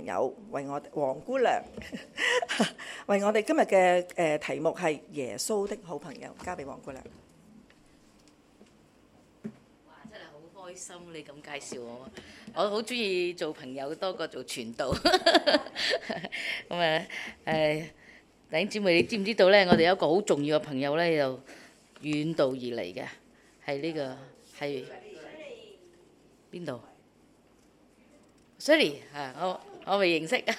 朋友，為我黃姑娘，為我哋今日嘅誒題目係耶穌的好朋友，交俾黃姑娘。哇，真係好開心！你咁介紹我，我好中意做朋友多過做傳道。咁啊，誒，弟兄姊妹，你知唔知道咧？我哋有一個好重要嘅朋友咧，又遠道而嚟嘅，係呢個係邊度？Siri，係我。我未認識，係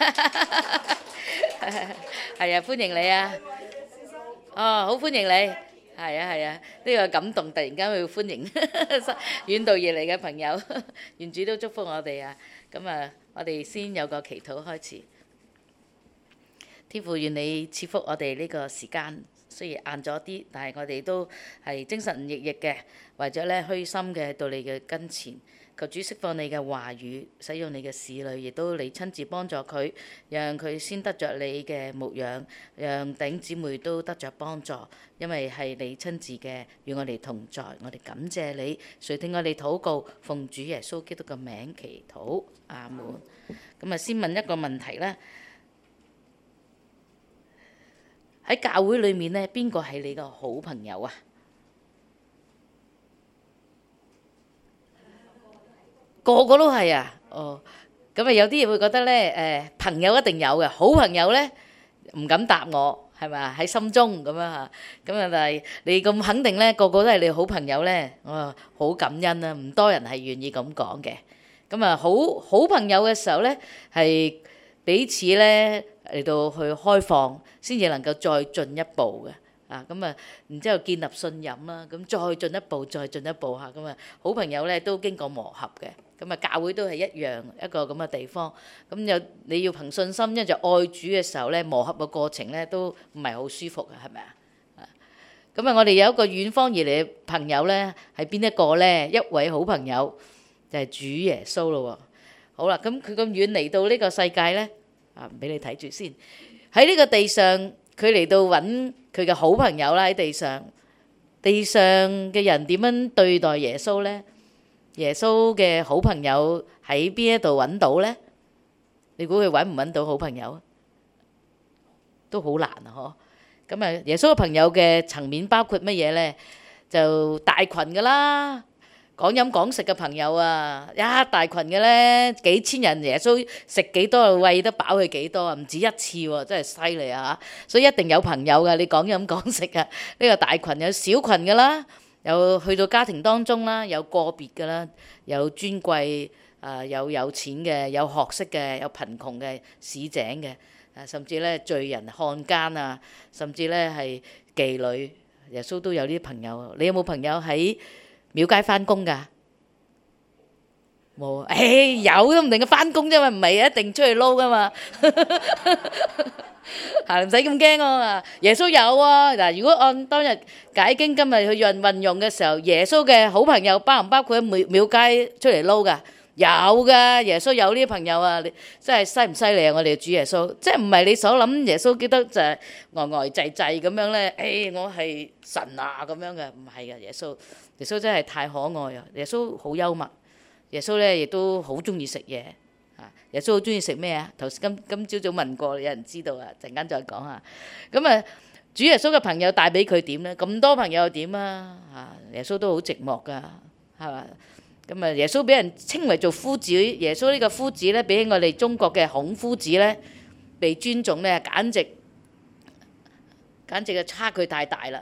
啊，歡迎你啊！哦，好歡迎你，係啊，係啊，呢個感動，突然間會歡迎遠道而嚟嘅朋友，願主都祝福我哋啊！咁啊，我哋先有個祈禱開始，天父，願你賜福我哋呢個時間，雖然晏咗啲，但係我哋都係精神奕奕嘅，為著咧虛心嘅到你嘅跟前。求主釋放你嘅話語，使用你嘅使女，亦都你親自幫助佢，讓佢先得著你嘅牧養，讓頂姊妹都得著幫助，因為係你親自嘅，與我哋同在，我哋感謝你。垂聽我哋禱告，奉主耶穌基督嘅名祈禱，阿門。咁啊，先問一個問題啦，喺教會裏面呢，邊個係你嘅好朋友啊？個個都係啊，哦，咁啊有啲嘢會覺得咧，誒朋友一定有嘅，好朋友咧唔敢答我，係咪啊？喺心中咁樣嚇，咁啊但係你咁肯定咧，個個都係你好朋友咧，我好感恩啊，唔多人係願意咁講嘅，咁啊好好朋友嘅時候咧，係彼此咧嚟到去開放，先至能夠再進一步嘅。啊咁啊，然之後建立信任啦，咁再進一步，再進一步吓咁啊，好朋友咧都經過磨合嘅，咁啊教會都係一樣一個咁嘅地方，咁又你要憑信心，因為就愛主嘅時候咧磨合嘅過程咧都唔係好舒服嘅，係咪啊？啊，咁啊我哋有一個遠方而嚟嘅朋友咧，係邊一個咧？一位好朋友就係主耶穌咯喎。好啦，咁佢咁遠嚟到呢個世界咧，啊俾你睇住先，喺呢個地上佢嚟到搵。佢嘅好朋友啦，喺地上，地上嘅人點樣對待耶穌呢？耶穌嘅好朋友喺邊一度揾到呢？你估佢揾唔揾到好朋友啊？都好難啊！嗬，咁啊，耶穌嘅朋友嘅層面包括乜嘢呢？就大群噶啦。講飲講食嘅朋友啊，一、啊、大群嘅咧，幾千人耶穌食幾多，餵得飽佢幾多啊？唔止一次喎、啊，真係犀利啊！所以一定有朋友噶，你講飲講食啊，呢、呢個大群有小群噶啦，有去到家庭當中啦，有個別噶啦，有尊貴啊，有、呃、有錢嘅，有學識嘅，有貧窮嘅市井嘅，甚至咧罪人、漢奸啊，甚至咧係、啊、妓女，耶穌都有啲朋友。你有冇朋友喺？廟街翻工噶，冇啊，誒，有都唔定佢翻工啫嘛，唔係一定出去撈噶嘛，唔使咁驚啊嘛。耶穌有啊，嗱，如果按當日解經今日去運運用嘅時候，耶穌嘅好朋友包唔包括喺廟街出嚟撈噶？有噶，耶穌有呢啲朋友啊，你真係犀唔犀利啊！我哋嘅主耶穌，即係唔係你所諗耶穌，記得就係呆呆滯滯咁樣咧。誒，我係神啊咁樣嘅，唔係啊耶穌。耶穌真係太可愛啊！耶穌好幽默，耶穌咧亦都好中意食嘢啊！耶穌好中意食咩啊？頭先今今朝早問過，有人知道啊？陣間再講下。咁、嗯、啊，主耶穌嘅朋友帶俾佢點咧？咁多朋友又點啊？啊！耶穌都好寂寞噶，係嘛？咁、嗯、啊，耶穌俾人稱為做夫子，耶穌呢個夫子咧，比起我哋中國嘅孔夫子咧，被尊重咧，簡直簡直嘅差距太大啦！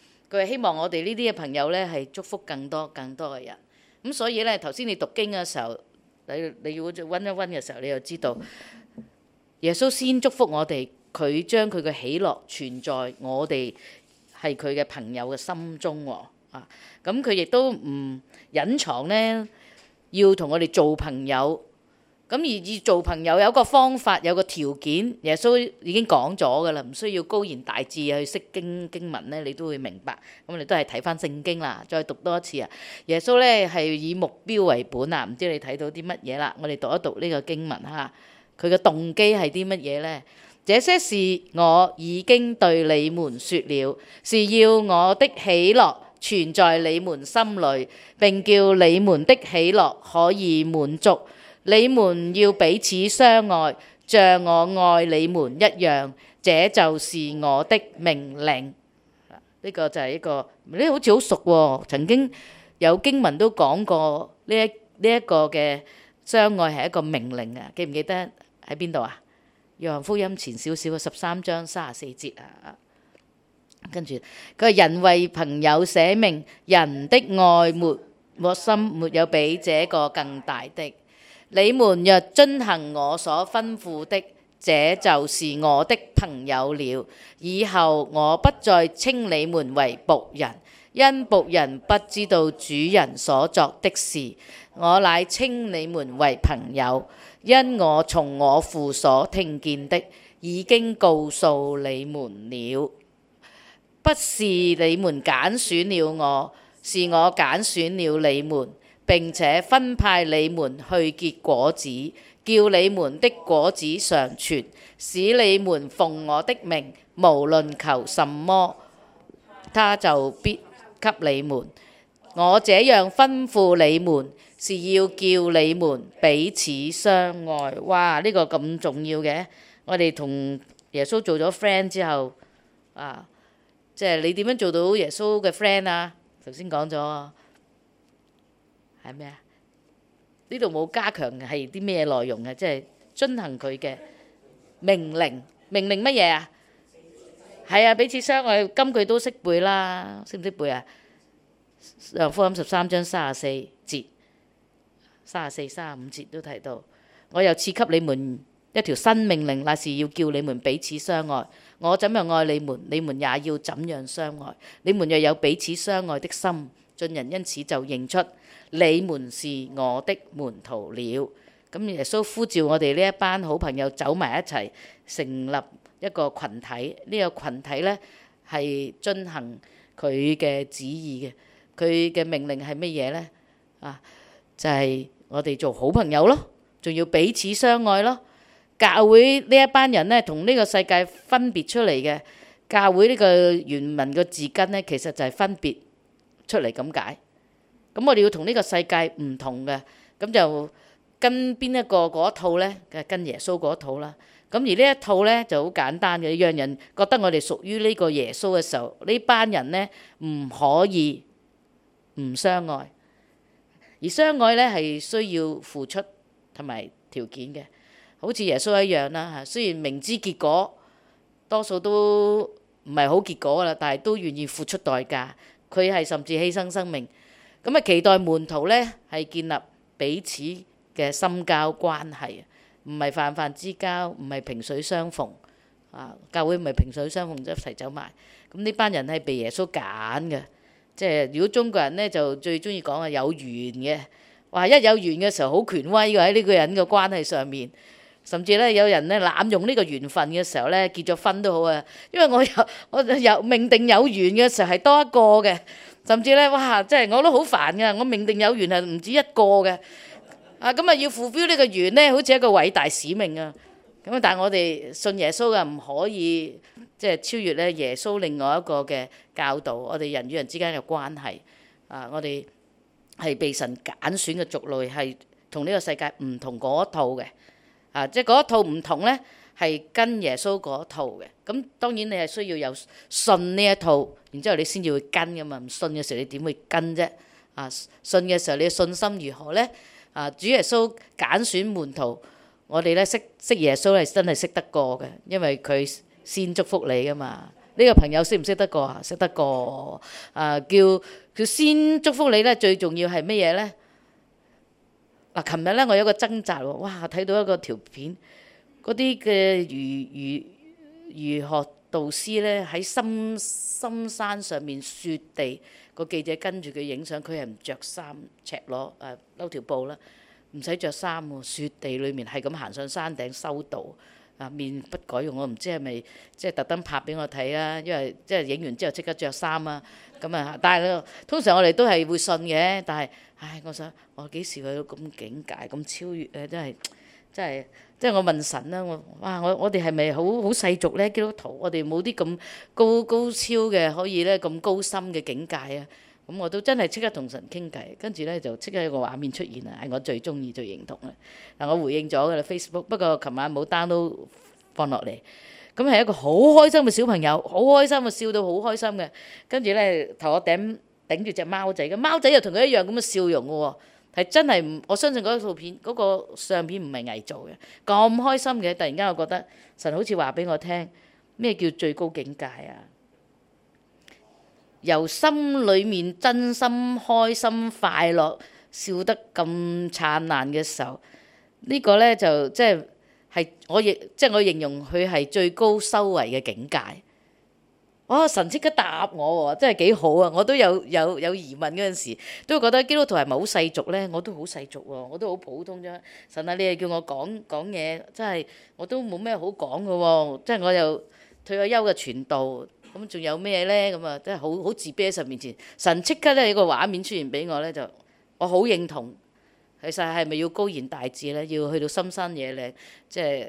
佢希望我哋呢啲嘅朋友呢，係祝福更多更多嘅人，咁所以呢，頭先你讀經嘅時候，你你要溫一溫嘅時候，你又知道耶穌先祝福我哋，佢將佢嘅喜樂存在我哋係佢嘅朋友嘅心中啊，咁佢亦都唔隱藏呢，要同我哋做朋友。咁而要做朋友有個方法，有個條件。耶穌已經講咗噶啦，唔需要高言大智去識經經文咧，你都會明白。咁你都係睇翻聖經啦，再讀多一次啊！耶穌咧係以目標為本啊，唔知你睇到啲乜嘢啦？我哋讀一讀呢個經文吓，佢嘅動機係啲乜嘢咧？這些事我已經對你們說了，是要我的喜樂存在你們心裡，並叫你們的喜樂可以滿足。你們要彼此相愛，像我愛你們一樣，這就是我的命令。呢個就係一個，呢好似好熟喎。曾經有經文都講過呢一呢一個嘅相愛係一個命令啊！記唔記得喺邊度啊？《約翰福音》前少少嘅十三章三十四節啊，跟住佢話：人為朋友捨命，人的愛沒沒心沒有比這個更大的。你們若遵行我所吩咐的，這就是我的朋友了。以後我不再稱你們為僕人，因僕人不知道主人所作的事，我乃稱你們為朋友，因我從我父所聽見的已經告訴你們了。不是你們揀選了我，是我揀選了你們。並且分派你們去結果子，叫你們的果子常存，使你們奉我的名無論求什麼，他就必給你們。我這樣吩咐你們，是要叫你們彼此相愛。哇！呢個咁重要嘅，我哋同耶穌做咗 friend 之後，啊，即係你點樣做到耶穌嘅 friend 啊？頭先講咗。係咩啊？呢度冇加強嘅係啲咩內容嘅？即係遵行佢嘅命令，命令乜嘢啊？係啊，彼此相愛，金句都識背啦，識唔識背啊？《福音》十三章三十四節、三十四、三十五節都提到，我又賜給你們一條新命令，那是要叫你們彼此相愛。我怎樣愛你們，你們也要怎樣相愛。你們若有彼此相愛的心，盡人因此就認出，你們是我的門徒了，咁耶穌呼召我哋呢一班好朋友走埋一齊，成立一個羣體。呢個羣體呢，係進行佢嘅旨意嘅。佢嘅命令係乜嘢呢？啊，就係我哋做好朋友咯，仲要彼此相愛咯。教會呢一班人呢，同呢個世界分別出嚟嘅。教會呢個原文個字根呢，其實就係分別出嚟咁解。咁我哋要同呢個世界唔同嘅，咁就跟邊一個嗰一套呢？就跟耶穌嗰套啦。咁而呢一套呢就好簡單嘅，讓人覺得我哋屬於呢個耶穌嘅時候，呢班人呢唔可以唔相愛，而相愛呢係需要付出同埋條件嘅。好似耶穌一樣啦嚇，雖然明知結果多數都唔係好結果啦，但係都願意付出代價。佢係甚至犧牲生命。咁啊，期待門徒咧係建立彼此嘅深交關係，唔係泛泛之交，唔係萍水相逢。啊，教會唔係萍水相逢，即係一齊走埋。咁呢班人係被耶穌揀嘅，即係如果中國人咧就最中意講啊有緣嘅。哇！一有緣嘅時候好權威㗎，喺呢個人嘅關係上面，甚至咧有人咧濫用呢個緣分嘅時候咧，結咗婚都好啊，因為我有我有，我有命定有緣嘅時候係多一個嘅。甚至咧，哇！即係我都好煩噶，我命定有緣係唔止一個嘅啊，咁啊要付標呢個緣咧，好似一個偉大使命啊！咁啊，但係我哋信耶穌嘅唔可以即係超越咧耶穌另外一個嘅教導，我哋人與人之間嘅關係啊，我哋係被神揀選嘅族類，係同呢個世界唔同嗰一套嘅啊，即係嗰一套唔同咧。係跟耶穌嗰套嘅，咁當然你係需要有信呢一套，然之後你先至會跟㗎嘛。唔信嘅時候你點會跟啫？啊，信嘅時候你信心如何咧？啊，主耶穌揀選門徒，我哋咧識識耶穌係真係識得過嘅，因為佢先祝福你噶嘛。呢個朋友識唔識得過啊？識得過啊！叫叫先祝福你咧，最重要係乜嘢咧？嗱，琴日咧我有個掙扎喎，哇！睇到一個條片。嗰啲嘅儒、儒、儒學導師咧，喺深深山上面雪地，個記者跟住佢影相，佢係唔着衫赤裸，誒、啊、攞條布啦，唔使着衫喎，雪地裏面係咁行上山頂修道，啊面不改容，我唔知係咪即係特登拍俾我睇啊，因為即係影完之後即刻着衫啊，咁啊，但係咧通常我哋都係會信嘅，但係唉，我想我幾時去到咁境界咁超越咧，真係真係。即係我問神啦，我哇我我哋係咪好好世俗咧？基督徒，我哋冇啲咁高高超嘅，可以咧咁高深嘅境界啊！咁我都真係即刻同神傾偈，跟住咧就即刻一個畫面出現啊！係我最中意、最認同啊！但係我回應咗㗎啦，Facebook。不過琴晚冇 download 放落嚟。咁係一個好開心嘅小朋友，好開心啊，笑到好開心嘅。跟住咧頭殼頂頂住隻貓仔，咁貓仔又同佢一樣咁嘅笑容㗎喎。係真係唔，我相信嗰套片，嗰個相片唔係偽造嘅，咁開心嘅，突然間我覺得神好似話俾我聽咩叫最高境界啊？由心裡面真心開心快樂笑得咁燦爛嘅時候，呢個呢就即係係我亦即係我形容佢係最高修為嘅境界。哦，神即刻答我喎，真係幾好啊！我都有有有疑問嗰陣時，都覺得基督徒係咪好世俗咧？我都好世俗喎，我都好普通啫。神啊，你係叫我講講嘢，真係我都冇咩好講嘅喎。即係我又退咗休嘅傳道，咁、嗯、仲有咩咧？咁啊，真係好好自卑喺神面前。神即刻咧一個畫面出現俾我咧，就我好認同。其實係咪要高言大志咧？要去到深山野嶺，即係。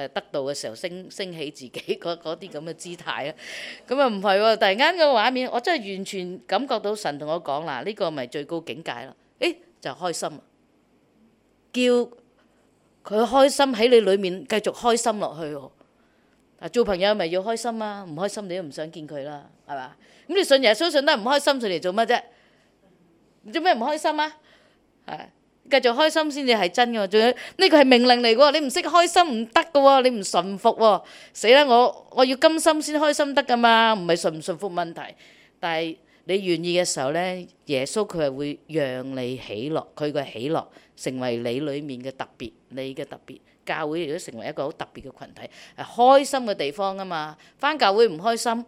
誒得到嘅時候，升升起自己嗰嗰啲咁嘅姿態啊，咁啊唔係喎，突然間個畫面，我真係完全感覺到神同我講啦，呢個咪最高境界啦，誒就開心，叫佢開心喺你裏面繼續開心落去喎。嗱，做朋友咪要開心啊，唔開心你都唔想見佢啦，係嘛？咁你信耶穌信得唔開心，信嚟做乜啫？你做咩唔開心啊？係。繼續開心先至係真嘅，仲有呢個係命令嚟嘅，你唔識開心唔得嘅，你唔順服，死啦！我我要甘心先開心得噶嘛，唔係順唔順服問題。但係你願意嘅時候咧，耶穌佢係會讓你喜樂，佢個喜樂成為你裏面嘅特別，你嘅特別教會亦都成為一個好特別嘅群體，係開心嘅地方啊嘛，返教會唔開心。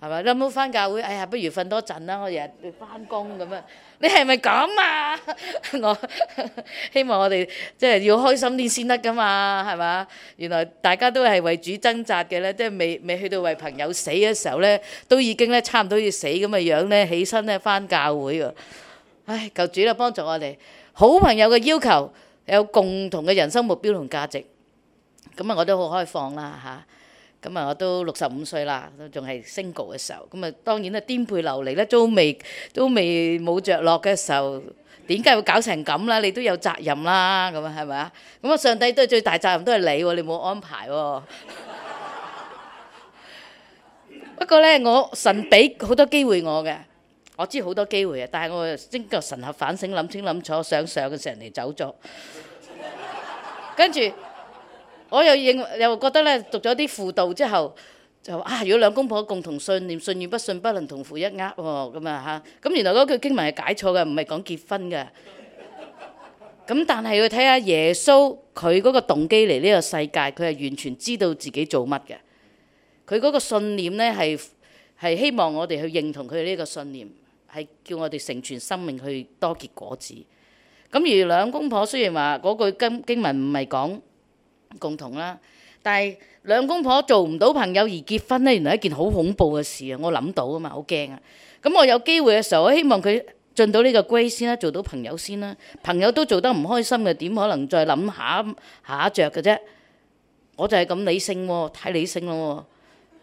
係嘛？諗好翻教會？哎呀，不如瞓多陣啦！我日日翻工咁啊！你係咪咁啊？我 希望我哋即係要開心啲先得噶嘛？係嘛？原來大家都係為主掙扎嘅咧，即係未未去到為朋友死嘅時候咧，都已經咧差唔多要死咁嘅樣咧，起身咧翻教會喎。唉，求主咧幫助我哋。好朋友嘅要求有共同嘅人生目標同價值，咁啊，我都好開放啦嚇。咁啊，我都六十五歲啦，都仲係 single 嘅時候。咁啊，當然咧，顛沛流離咧，都未都未冇着落嘅時候，點解會搞成咁啦？你都有責任啦，咁啊，係咪啊？咁啊，上帝都係最大責任，都係你喎，你冇安排喎。不過咧，我神俾好多機會我嘅，我知好多機會嘅，但係我經過神合反省，諗清諗楚，想上嘅時候，人哋走咗，跟住。我又認又覺得咧，讀咗啲輔導之後，就話啊，如果兩公婆共同信念，信與不信不能同負一軛喎，咁、哦、啊嚇。咁原來嗰句經文係解錯嘅，唔係講結婚嘅。咁 但係要睇下耶穌佢嗰個動機嚟呢個世界，佢係完全知道自己做乜嘅。佢嗰個信念咧係係希望我哋去認同佢呢個信念，係叫我哋成全生命去多結果子。咁而兩公婆雖然話嗰句經經文唔係講。共同啦，但係兩公婆做唔到朋友而結婚呢，原來一件好恐怖嘅事啊！我諗到啊嘛，好驚啊！咁我有機會嘅時候，我希望佢進到呢個龜先啦，做到朋友先啦。朋友都做得唔開心嘅，點可能再諗下下着嘅啫？我就係咁理性喎、啊，太理性咯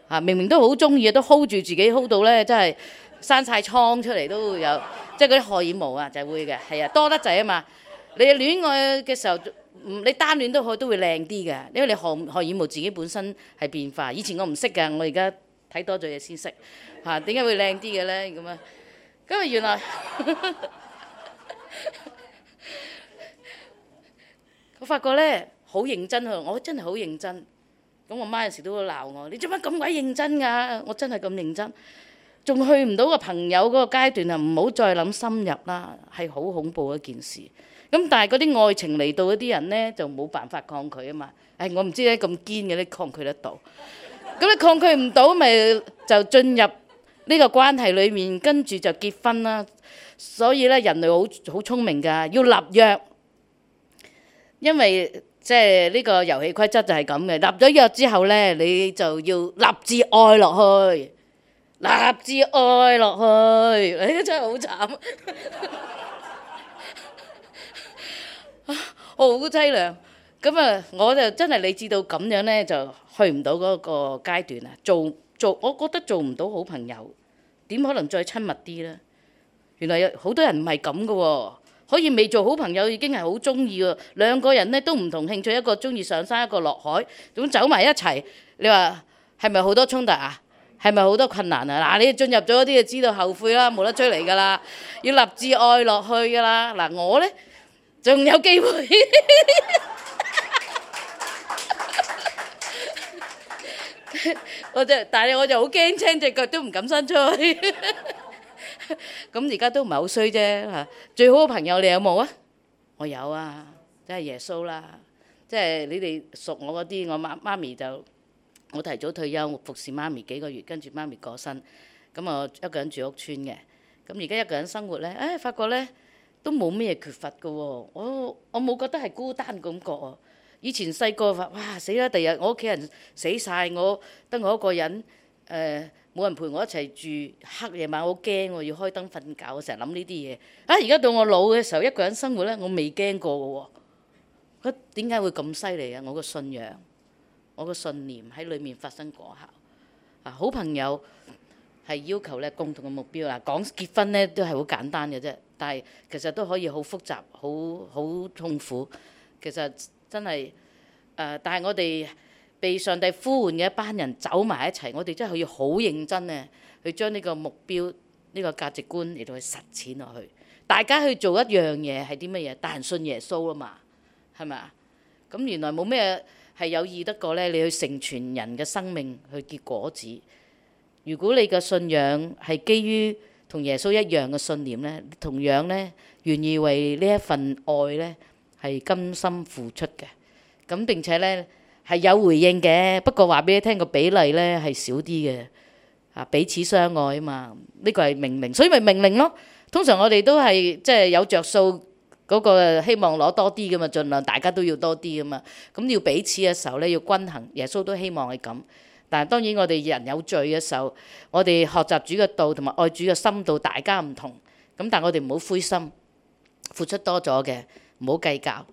喎、啊！明明都好中意，都 hold 住自己 hold 到呢，真係生晒瘡出嚟都會有，即係嗰啲荷爾蒙啊，就會、會嘅，係啊，多得滯啊嘛！你戀愛嘅時候。你單戀都好都會靚啲嘅，因為你學學語目自己本身係變化。以前我唔識噶，我而家睇多咗嘢先識嚇。點解會靚啲嘅咧？咁啊，咁啊，原來 我發覺咧，好認，認，認真啊！我真係好認真。咁我媽有時都會鬧我：你做乜咁鬼認真㗎？我真係咁認真，仲去唔到個朋友嗰個階段啊！唔好再諗深入啦，係好恐怖一件事。咁但係嗰啲愛情嚟到嗰啲人呢，就冇辦法抗拒啊嘛！唉，我唔知咧，咁堅嘅你抗拒得到，咁你抗拒唔到咪就進入呢個關係裡面，跟住就結婚啦。所以咧，人類好好聰明㗎，要立約，因為即係呢個遊戲規則就係咁嘅。立咗約之後呢，你就要立志愛落去，立志愛落去，你真係好慘。好凄、哦、涼，咁啊，我就真係理智到咁樣呢，就去唔到嗰個階段啊！做做，我覺得做唔到好朋友，點可能再親密啲呢？原來有好多人唔係咁噶喎，可以未做好朋友已經係好中意喎。兩個人呢都唔同興趣，一個中意上山，一個落海，咁走埋一齊，你話係咪好多衝突啊？係咪好多困難啊？嗱、啊，你進入咗嗰啲就知道後悔啦，冇得追嚟噶啦，要立志愛落去噶啦。嗱、啊，我呢。仲有機會，我就但係我就好驚，青隻腳都唔敢伸出去。咁而家都唔係好衰啫嚇。最好嘅朋友你有冇啊？我有啊，即係耶穌啦。即係你哋熟我嗰啲，我媽媽咪就我提早退休，服侍媽咪幾個月，跟住媽咪過身。咁我一個人住屋村嘅。咁而家一個人生活咧，誒，發覺咧。都冇咩缺乏㗎喎，我我冇覺得係孤單感覺啊！以前細個話哇死啦，第日我屋企人死晒，我得我一個人，誒冇人陪我一齊住，黑夜晚我好驚喎，要開燈瞓覺，成日諗呢啲嘢。啊，而家到我老嘅時候，一個人生活咧，我未驚過嘅喎。點解會咁犀利啊？我個信仰，我個信念喺裏面發生果效啊！好朋友係要求咧共同嘅目標嗱，講結婚咧都係好簡單嘅啫。但係其實都可以好複雜，好好痛苦。其實真係誒、呃，但係我哋被上帝呼喚嘅一班人走埋一齊，我哋真係要好認真咧，去將呢個目標、呢個價值觀嚟到去實踐落去。大家去做一樣嘢係啲乜嘢？但信耶穌啊嘛，係咪啊？咁原來冇咩係有意得過呢？你去成全人嘅生命去結果子。如果你嘅信仰係基於同耶穌一樣嘅信念呢，同樣呢，願意為呢一份愛呢係甘心付出嘅，咁並且呢係有回應嘅。不過話俾你聽，個比例呢係少啲嘅。啊，彼此相愛啊嘛，呢個係命令，所以咪命令咯。通常我哋都係即係有着數嗰個希望攞多啲噶嘛，儘量大家都要多啲噶嘛。咁要彼此嘅時候呢要均衡，耶穌都希望係咁。但係當然，我哋人有罪嘅時候，我哋學習主嘅道同埋愛主嘅深度大家唔同。咁但係我哋唔好灰心，付出多咗嘅唔好計較。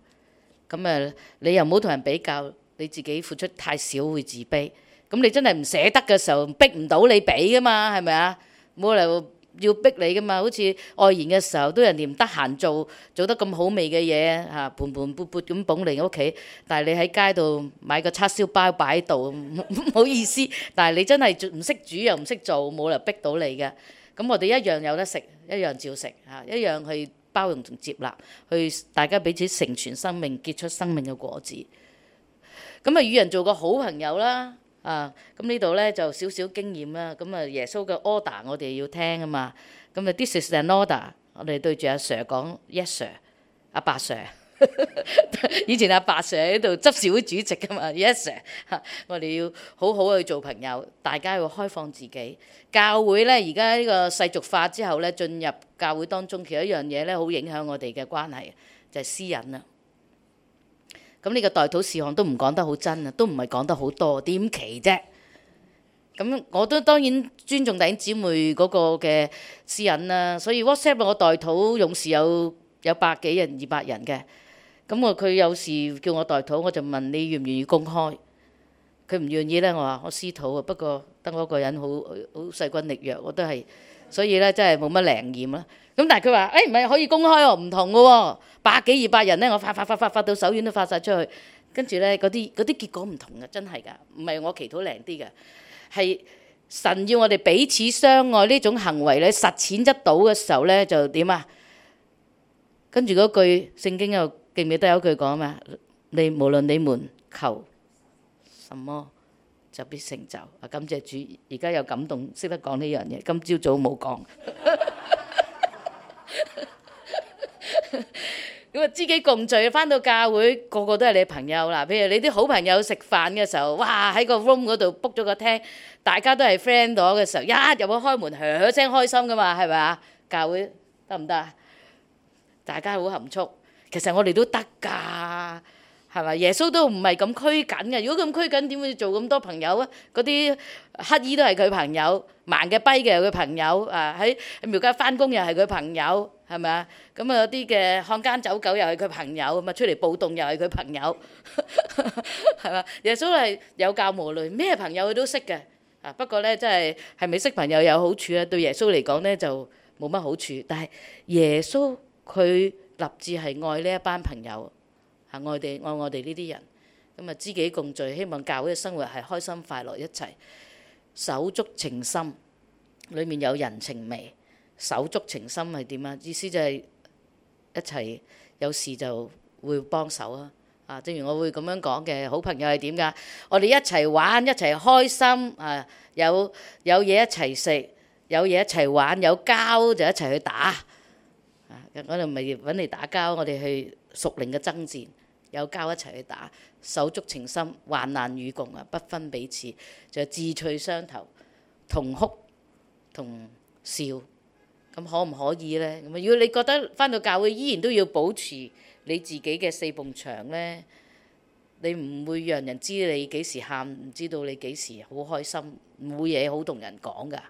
咁、嗯、啊，你又唔好同人比較，你自己付出太少會自卑。咁、嗯、你真係唔捨得嘅時候，逼唔到你俾噶嘛，係咪啊？冇理由要逼你噶嘛。好似外延嘅時候，都有人唔得閒做，做得咁好味嘅嘢嚇，盤盤缽缽咁捧嚟屋企。但係你喺街度買個叉燒包擺喺度，唔好意思。但係你真係唔識煮又唔識做，冇理由逼到你噶。咁我哋一樣有得食，一樣照食嚇、啊，一樣去包容同接納，去大家彼此成全生命、結出生命嘅果子。咁啊，與人做個好朋友啦～啊，咁、嗯、呢度咧就少少經驗啦。咁、嗯、啊，耶穌嘅 order 我哋要聽啊嘛。咁、嗯、啊 this is an order，我哋對住阿 Sir 講 Yes Sir，阿白 Sir。 以前阿白 Sir 喺度執事會主席噶嘛，Yes Sir、啊。我哋要好好去做朋友，大家要開放自己。教會咧而家呢個世俗化之後咧，進入教會當中，其實一樣嘢咧好影響我哋嘅關係，就係、是、私隱啦。咁呢個代禱事項都唔講得好真啊，都唔係講得好多，點奇啫？咁我都當然尊重弟姊妹嗰個嘅私隱啦、啊。所以 WhatsApp 我代禱勇士有有百幾人、二百人嘅。咁我佢有時叫我代禱，我就問你願唔願意公開。佢唔願意呢，我話我私禱啊。不過得我一個人好好勢均力弱，我都係，所以呢，真係冇乜靈驗啦、啊。咁但係佢話：誒唔係可以公開喎，唔同嘅喎，百幾二百人咧，我發發發發發到手軟都發曬出去，跟住咧嗰啲嗰啲結果唔同嘅，真係㗎，唔係我祈禱靈啲嘅，係神要我哋彼此相愛呢種行為咧實踐得到嘅時候咧就點啊？跟住嗰句聖經又記唔記得有一句講啊嘛，你無論你們求什麼，就必成就。啊感謝主，而家有感動識得講呢樣嘢，今朝早冇講。咁啊，知己共聚，翻到教會個個都係你朋友啦。譬如你啲好朋友食飯嘅時候，哇，喺個 room 嗰度 book 咗個廳，大家都係 friend 咗嘅時候，一入去開門，響聲開心噶嘛，係咪啊？教會得唔得啊？大家好含蓄，其實我哋都得噶。係嘛？耶穌都唔係咁拘謹嘅。如果咁拘謹，點會做咁多朋友啊？嗰啲乞兒都係佢朋友，盲嘅跛嘅佢朋友。啊，喺廟街返工又係佢朋友，係咪啊？咁啊啲嘅漢奸走狗又係佢朋友，咪出嚟暴動又係佢朋友，係嘛？耶穌係有教無類，咩朋友佢都識嘅。啊不過咧，真係係咪識朋友有好處啊？對耶穌嚟講咧就冇乜好處，但係耶穌佢立志係愛呢一班朋友。啊！外地愛我哋呢啲人，咁啊，知己共聚，希望教會嘅生活係開心快樂一齊，手足情深，裏面有人情味。手足情深係點啊？意思就係一齊有事就會幫手啊！啊，正如我會咁樣講嘅，好朋友係點㗎？我哋一齊玩，一齊開心啊！有有嘢一齊食，有嘢一齊玩，有交就一齊去打啊！我哋咪揾你打交，我哋去屬靈嘅爭戰。有交一齊去打，手足情深，患難與共啊，不分彼此，就志趣相投，同哭同笑，咁可唔可以呢？咁啊，如果你覺得返到教會依然都要保持你自己嘅四埲牆呢，你唔會讓人知你幾時喊，唔知道你幾時好開心，唔會嘢好同人講噶，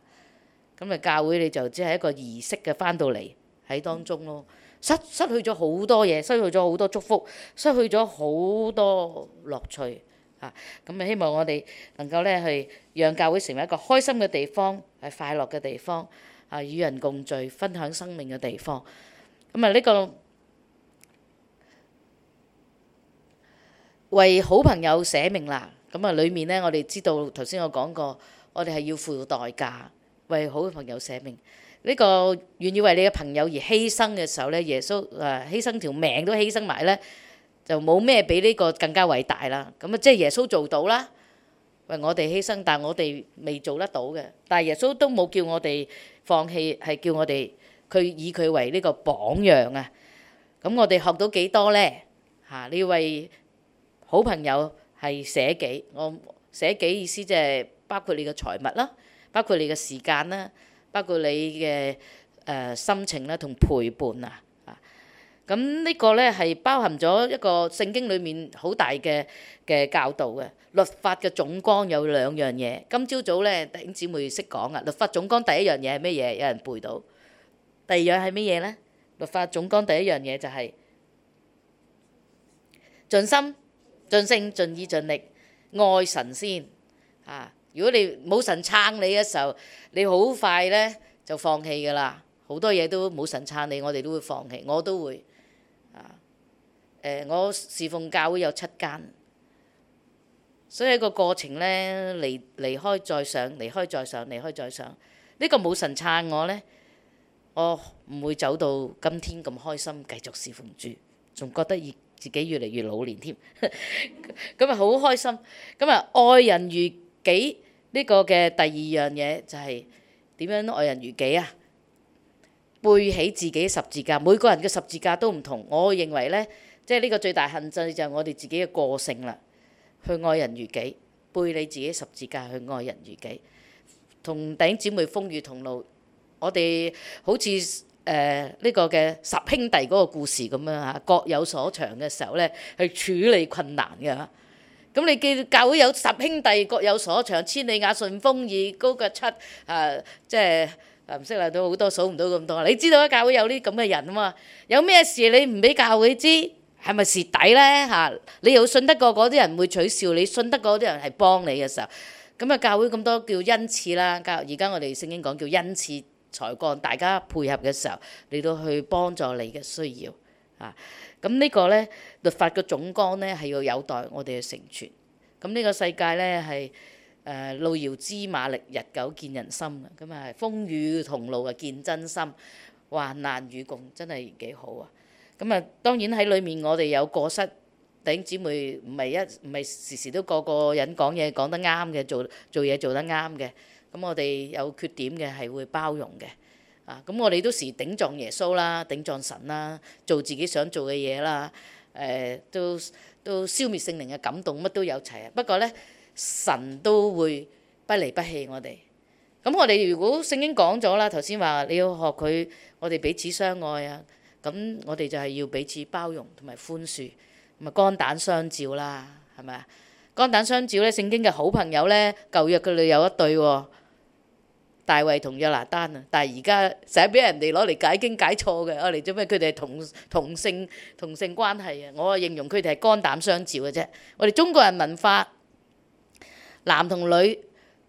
咁啊，教會你就只係一個儀式嘅返到嚟喺當中咯。失失去咗好多嘢，失去咗好多祝福，失去咗好多樂趣。嚇，咁啊希望我哋能夠咧，係讓教會成為一個開心嘅地方，係快樂嘅地方，啊與人共聚、分享生命嘅地方。咁啊，呢個為好朋友捨命啦。咁啊，裏面咧，我哋知道頭先我講過，我哋係要付代價為好朋友捨命。呢個願意為你嘅朋友而犧牲嘅時候咧，耶穌誒犧牲條命都犧牲埋咧，就冇咩比呢個更加偉大啦。咁啊，即係耶穌做到啦，為我哋犧牲，但我哋未做得到嘅。但係耶穌都冇叫我哋放棄，係叫我哋佢以佢為呢個榜樣啊。咁我哋學到幾多咧？嚇，呢位好朋友係捨己，我捨己意思即係包括你嘅財物啦，包括你嘅時間啦。包括你嘅誒心情咧，同陪伴啊，啊，咁呢個咧係包含咗一個聖經裡面好大嘅嘅教導，嘅律法嘅總綱有兩樣嘢。今朝早咧，弟兄姊妹識講啊，律法總綱第一樣嘢係咩嘢？有人背到。第二樣係咩嘢咧？律法總綱第一樣嘢就係盡心、盡性、盡意、盡力愛神先啊。如果你冇神撐你嘅時候，你好快咧就放棄㗎啦。好多嘢都冇神撐你，我哋都會放棄，我都會啊。誒，我侍奉教會有七間，所以個過程咧離離開再上，離開再上，離開再上。呢個冇神撐我咧，我唔會走到今天咁開心，繼續侍奉住，仲覺得越自己越嚟越老年添。咁啊好開心，咁啊愛人如己。呢個嘅第二樣嘢就係點樣愛人如己啊？背起自己十字架，每個人嘅十字架都唔同。我認為呢，即係呢個最大限制就係我哋自己嘅個性啦。去愛人如己，背你自己十字架去愛人如己，同弟兄姊妹風雨同路。我哋好似誒呢個嘅十兄弟嗰個故事咁樣嚇，各有所長嘅時候呢，去處理困難嘅咁你見教會有十兄弟各有所長，千里亞順風耳，高腳七，啊，即係啊唔識嗱都好多數唔到咁多。你知道啊，教會有啲咁嘅人啊嘛。有咩事你唔俾教會知，係咪蝕底咧嚇？你又信得過嗰啲人會取笑你，信得過嗰啲人係幫你嘅時候。咁啊，教會咁多叫恩賜啦，教而家我哋聖經講叫恩賜才幹，大家配合嘅時候你都去幫助你嘅需要。咁呢、啊，這個呢，律法嘅總綱呢，係要有待我哋去成全。咁、嗯、呢、這個世界呢，係誒路遙知馬力，日久見人心啦。咁、嗯、啊風雨同路啊見真心，患難與共真係幾好啊。咁、嗯、啊當然喺裏面我哋有過失，弟兄姊妹唔係一唔係時時都個個人都講嘢講得啱嘅，做做嘢做得啱嘅。咁、嗯、我哋有缺點嘅係會包容嘅。啊，咁我哋都時頂撞耶穌啦，頂撞神啦，做自己想做嘅嘢啦，誒，都都消滅聖靈嘅感動，乜都有齊啊。不過咧，神都會不離不棄我哋。咁我哋如果聖經講咗啦，頭先話你要學佢，我哋彼此相愛啊。咁我哋就係要彼此包容同埋寬恕，咪肝膽相照啦，係咪啊？肝膽相照咧，聖經嘅好朋友咧，舊約嘅裏有一對喎。大衛同約拿單啊，但係而家成日俾人哋攞嚟解經解錯嘅。我、啊、嚟做咩？佢哋係同同性同性關係啊，我啊形容佢哋係肝膽相照嘅啫。我哋中國人文化，男同女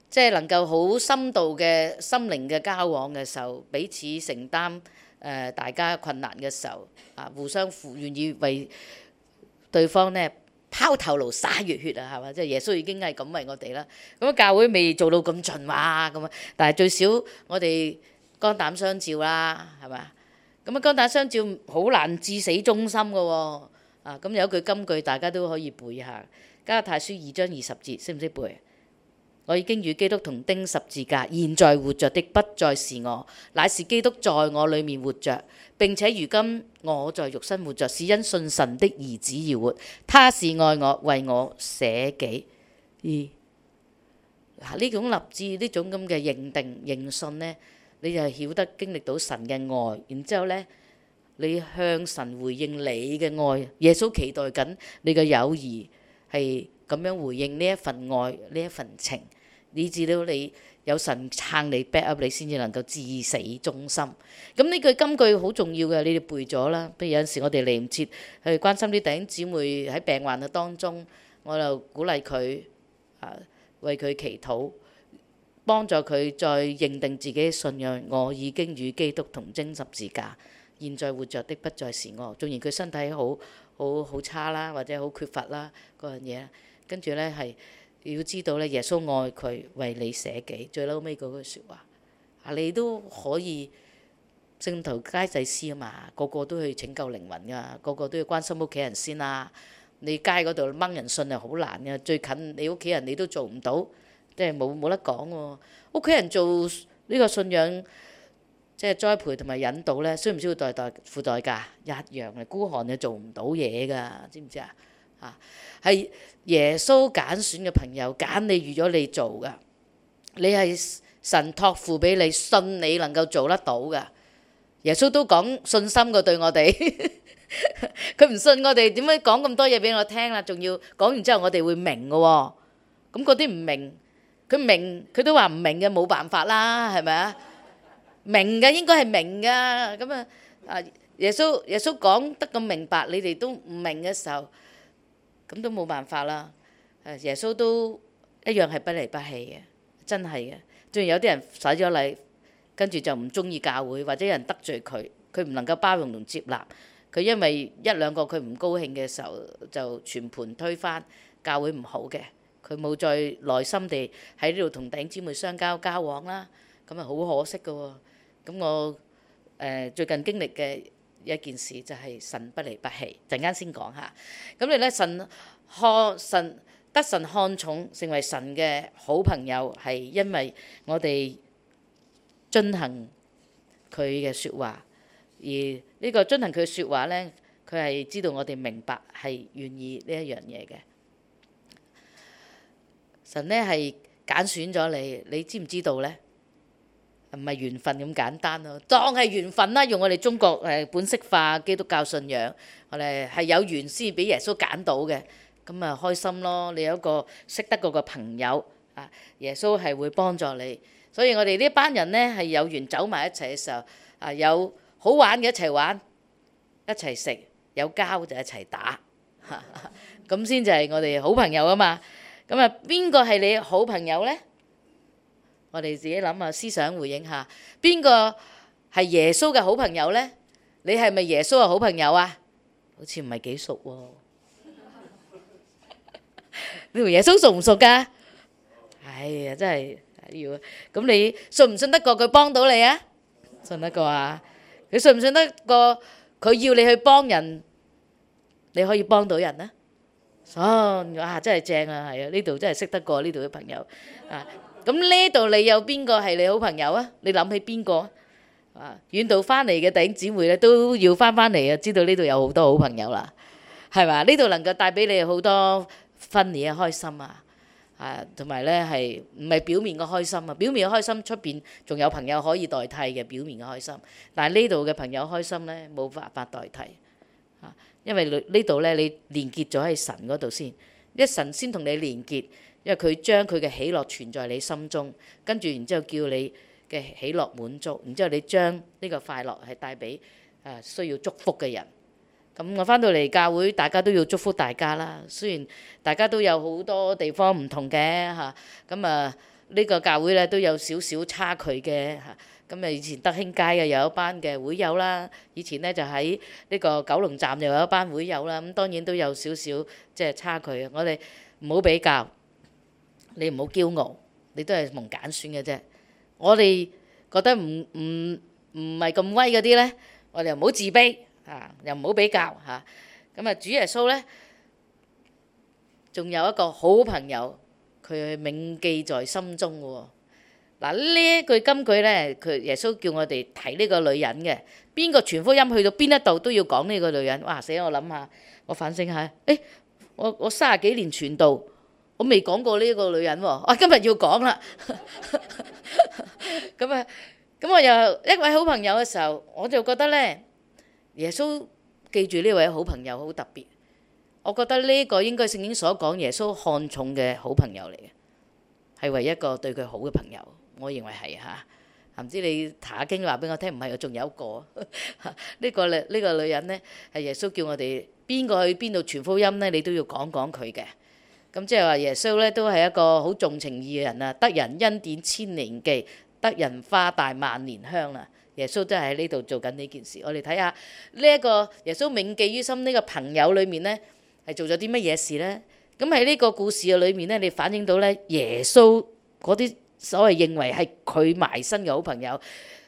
即係能夠好深度嘅心靈嘅交往嘅時候，彼此承擔誒、呃、大家困難嘅時候，啊互相扶願意為對方呢。拋頭顱灑熱血啊，係、就是嗯、嘛？即係耶穌已經係咁為我哋啦。咁教會未做到咁盡哇咁啊，但係最少我哋肝膽相照啦，係嘛？咁啊肝膽相照好難至死忠心嘅喎、哦。啊咁、嗯、有句金句，大家都可以背下《加拉太書》二章二十節，識唔識背？我已經與基督同釘十字架，現在活著的不再是我，乃是基督在我裏面活著。並且如今我在肉身活著，是因信神的兒子而活。他是愛我，為我捨己。二嗱呢種立志呢種咁嘅認定認信呢，你就係曉得經歷到神嘅愛，然之後呢，你向神回應你嘅愛。耶穌期待緊你嘅友誼係咁樣回應呢一份愛，呢一份情。以至到你有神撐你 back up，你先至能夠至死忠心。咁呢句金句好重要嘅，你哋背咗啦。不如有陣時我哋嚟唔切去關心啲弟兄姊妹喺病患嘅當中，我就鼓勵佢啊，為佢祈禱，幫助佢再認定自己信仰。我已經與基督同釘十字架，現在活着的不再是我。縱然佢身體好好好差啦，或者好缺乏啦嗰樣嘢，跟住呢係。要知道咧，耶穌愛佢，為你捨己，最撈尾嗰句説話，啊，你都可以聖徒皆祭司啊嘛，個個都去拯救靈魂噶，個個都要關心屋企人先啦。你街嗰度掹人信係好難嘅，最近你屋企人你都做唔到，即係冇冇得講喎。屋企人做呢個信仰即係栽培同埋引導咧，需唔需要代代付代價？一樣嘅孤寒你做唔到嘢噶，知唔知啊？啊，係耶穌揀選嘅朋友，揀你預咗你做噶。你係神託付俾你，信你能夠做得到噶。耶穌都講信心嘅，對我哋佢唔信我哋，點解講咁多嘢俾我聽啦？仲要講完之後，我哋會明噶。咁嗰啲唔明，佢明佢都話唔明嘅，冇辦法啦，係咪啊？明嘅應該係明噶，咁啊啊耶穌耶穌講得咁明白，你哋都唔明嘅時候。咁都冇辦法啦，誒耶穌都一樣係不離不棄嘅，真係嘅。仲有啲人洗咗禮，跟住就唔中意教會，或者有人得罪佢，佢唔能夠包容同接納，佢因為一兩個佢唔高興嘅時候，就全盤推翻教會唔好嘅，佢冇再耐心地喺呢度同頂姊妹相交交往啦，咁啊好可惜㗎喎。咁我誒最近經歷嘅。一件事就係神不離不棄。陣間先講下，咁你咧神看神得神看重，成為神嘅好朋友，係因為我哋遵行佢嘅説話。而呢個遵行佢説話咧，佢係知道我哋明白係願意呢一樣嘢嘅。神咧係揀選咗你，你知唔知道咧？唔係緣分咁簡單咯，當係緣分啦。用我哋中國誒本色化基督教信仰，我哋係有緣先俾耶穌揀到嘅，咁啊開心咯。你有一個識得嗰個朋友啊，耶穌係會幫助你。所以我哋呢一班人呢係有緣走埋一齊嘅時候啊，有好玩嘅一齊玩，一齊食，有交就一齊打，咁先就係我哋好朋友啊嘛。咁啊，邊個係你好朋友呢？我哋自己諗下，思想回應下，邊個係耶穌嘅好朋友呢？你係咪耶穌嘅好朋友啊？好似唔係幾熟喎。你同耶穌熟唔熟噶？哎呀，真係要啊，咁你信唔信得過佢幫到你啊？信得過啊！你信唔信得過佢要你去幫人？你可以幫到人啊！啊，真係正啊，係啊，呢度真係識得過呢度嘅朋友啊！咁呢度你有邊個係你好朋友啊？你諗起邊個啊？遠道翻嚟嘅弟兄姊妹咧，都要翻翻嚟啊！知道呢度有好多好朋友啦，係嘛？呢度能夠帶俾你好多分嘅開心啊！啊，同埋咧係唔係表面嘅開心啊？表面嘅開心出邊，仲有朋友可以代替嘅表面嘅開心，但係呢度嘅朋友開心咧冇辦法代替嚇，因為呢度咧你連結咗喺神嗰度先，一神先同你連結。因為佢將佢嘅喜樂存在你心中，跟住然之後叫你嘅喜樂滿足，然之後你將呢個快樂係帶俾誒需要祝福嘅人。咁我返到嚟教會，大家都要祝福大家啦。雖然大家都有好多地方唔同嘅嚇，咁啊呢、啊呢個教會咧都有少少差距嘅嚇。咁啊，啊以前德興街又有一班嘅會友啦，以前咧就喺呢個九龍站又有一班會友啦。咁當然都有少少即係差距啊！我哋唔好比較。你唔好驕傲，你都係蒙揀選嘅啫。我哋覺得唔唔唔係咁威嗰啲呢，我哋又唔好自卑嚇，又唔好比較吓。咁啊，主耶穌呢，仲有一個好朋友，佢係銘記在心中喎。嗱，呢一句金句呢，佢耶穌叫我哋睇呢個女人嘅。邊個傳福音去到邊一度都要講呢個女人。哇！死啦！我諗下，我反省下。誒，我我三十幾年傳道。我未講過呢個女人喎，哦啊 嗯嗯嗯，我今日要講啦。咁啊，咁我又一位好朋友嘅時候，我就覺得呢：耶穌記住呢位好朋友好特別。我覺得呢個應該聖經所講耶穌看重嘅好朋友嚟嘅，係唯一一個對佢好嘅朋友。我認為係嚇，唔、啊、知你查經話俾我聽，唔係我仲有一個呢、 這個呢？呢、這個、女人呢，係耶穌叫我哋邊個去邊度傳福音呢？你都要講講佢嘅。咁即係話耶穌咧都係一個好重情義嘅人啊！得人恩典千年記，得人花大萬年香啦！耶穌真係喺呢度做緊呢件事。我哋睇下呢一個耶穌銘記於心呢個朋友裡面咧，係做咗啲乜嘢事咧？咁喺呢個故事嘅裡面咧，你反映到咧耶穌嗰啲所謂認為係佢埋身嘅好朋友，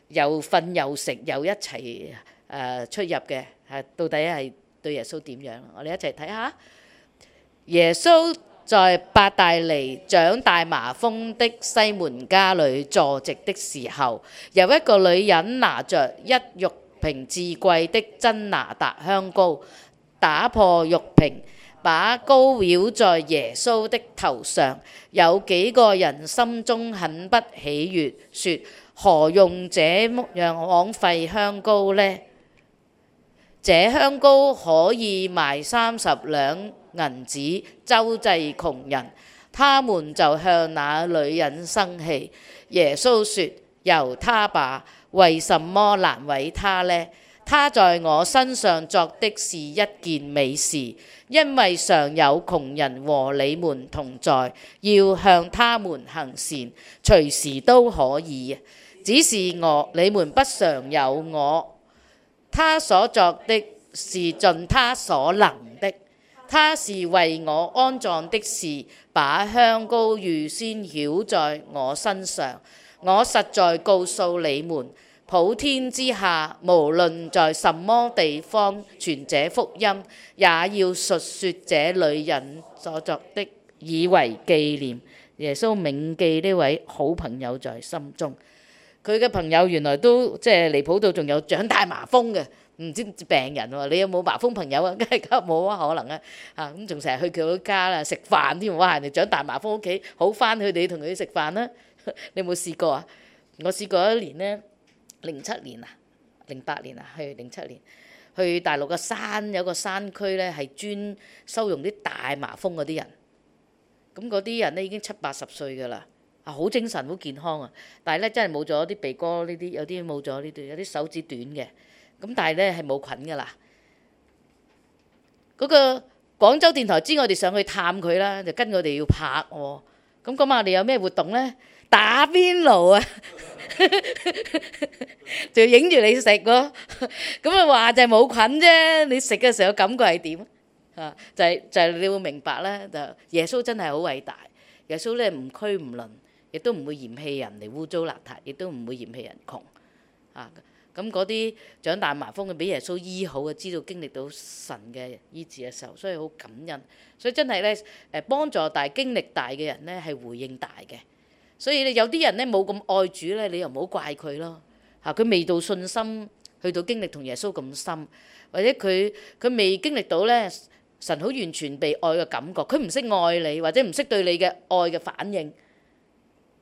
又瞓又食又一齊誒出入嘅，係到底係對耶穌點樣？我哋一齊睇下耶穌。在伯大尼長大麻風的西門家裏坐席的時候，有一個女人拿著一玉瓶至貴的真哪噠香膏，打破玉瓶，把膏澆在耶穌的頭上。有幾個人心中很不喜悅，說：何用這樣枉費香膏呢？這香膏可以賣三十兩銀子，周濟窮人，他們就向那女人生氣。耶穌說：由他吧，為什麼難為他呢？他在我身上作的是一件美事，因為常有窮人和你們同在，要向他們行善，隨時都可以。只是我，你們不常有我。他所作的是盡他所能的，他是為我安葬的事，把香膏預先澆在我身上。我實在告訴你們，普天之下無論在什麼地方，傳這福音，也要述説這女人所作的，以為紀念。耶穌銘記呢位好朋友在心中。佢嘅朋友原來都即係離譜到，仲有長大麻風嘅，唔知病人喎。你有冇麻風朋友啊？梗係冇啊，可能啊嚇。咁仲成日去佢家啦，食飯添喎。哇！人哋長大麻風屋企好翻，佢哋同佢哋食飯啦。你有冇試過啊？我試過一年咧，零七年啊，零八年啊，係零七年去大陸嘅山，有個山區咧，係專收容啲大麻風嗰啲人。咁嗰啲人咧已經七八十歲㗎啦。好、啊、精神，好健康啊！但係咧，真係冇咗啲鼻哥呢啲，有啲冇咗呢啲，有啲手指短嘅。咁但係咧係冇菌㗎啦。嗰、那個廣州電台知我哋上去探佢啦，就跟我哋要拍喎、哦。咁咁啊，我 哋、 哦、 有咩活動咧？打邊爐啊！就影住你食喎。咁啊話就係冇菌啫。你食嘅時候感覺係點？啊，就係、是、就係、是、你會明白咧。就耶穌真係好偉大。耶穌咧唔區唔論，不亦都唔會嫌棄人哋污糟邋遢，亦都唔會嫌棄人窮嚇。咁嗰啲長大麻風嘅，俾耶穌醫好嘅，知道經歷到神嘅醫治嘅時候，所以好感恩。所以真係咧，誒幫助大、經歷大嘅人咧，係回應大嘅。所以你有啲人咧冇咁愛主咧，你又唔好怪佢咯吓。佢未到信心，去到經歷同耶穌咁深，或者佢佢未經歷到咧神好完全被愛嘅感覺，佢唔識愛你，或者唔識對你嘅愛嘅反應。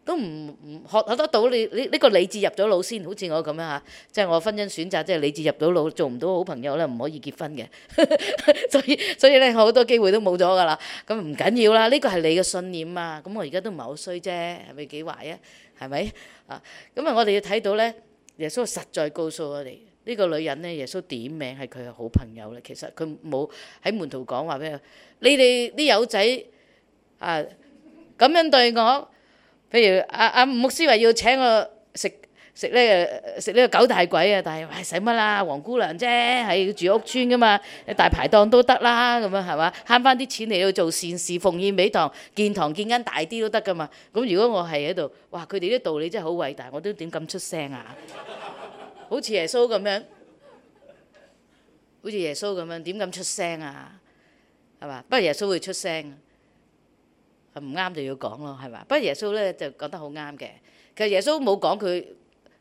都唔唔學學得到你呢呢個理智入咗腦先，好似我咁樣嚇，即係我婚姻選擇，即係理智入到腦，做唔到好朋友咧，唔可以結婚嘅。所以所以咧，好多機會都冇咗㗎啦。咁唔緊要啦，呢個係你嘅信念啊。咁我而家都唔係好衰啫，係咪幾壞啊？係咪啊？咁啊，我哋要睇到咧，耶穌實在告訴我哋，呢個女人咧，耶穌點名係佢嘅好朋友咧。其實佢冇喺門徒講話俾佢，你哋啲友仔啊咁樣對我。譬如阿阿吳牧師話要請我食食呢誒，食呢個九大鬼啊，但係喂，使乜啦，黃姑娘啫，係住屋村噶嘛，大排檔都得啦，咁樣，係嘛？慳翻啲錢嚟去做善事，奉獻俾堂建堂建間大啲都得噶嘛。咁如果我係喺度，哇，佢哋啲道理真係好偉大，我都點敢出聲啊？好似耶穌咁樣，好似耶穌咁樣，點敢出聲啊？係嘛，不過耶穌會出聲。唔啱就要講咯，係嘛？不過耶穌咧就講得好啱嘅。其實耶穌冇講佢，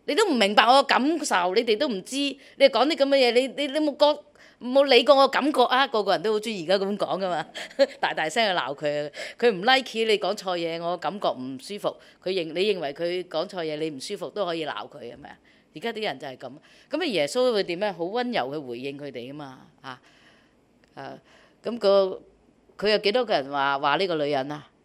你都唔明白我嘅感受，你哋都唔知。你講啲咁嘅嘢，你你你冇講冇理過我感覺啊！個個人都好中意而家咁講噶嘛， 大大聲去鬧佢。佢唔 like 你講錯嘢，我感覺唔舒服。佢認你認為佢講錯嘢，你唔舒服都可以鬧佢係咪啊？而家啲人就係咁。咁啊，耶穌會點樣？好溫柔去回應佢哋啊嘛。嚇、啊！咁、啊那個佢有幾多個人話話呢個女人啊？生氣喎，佢哋喎，梗係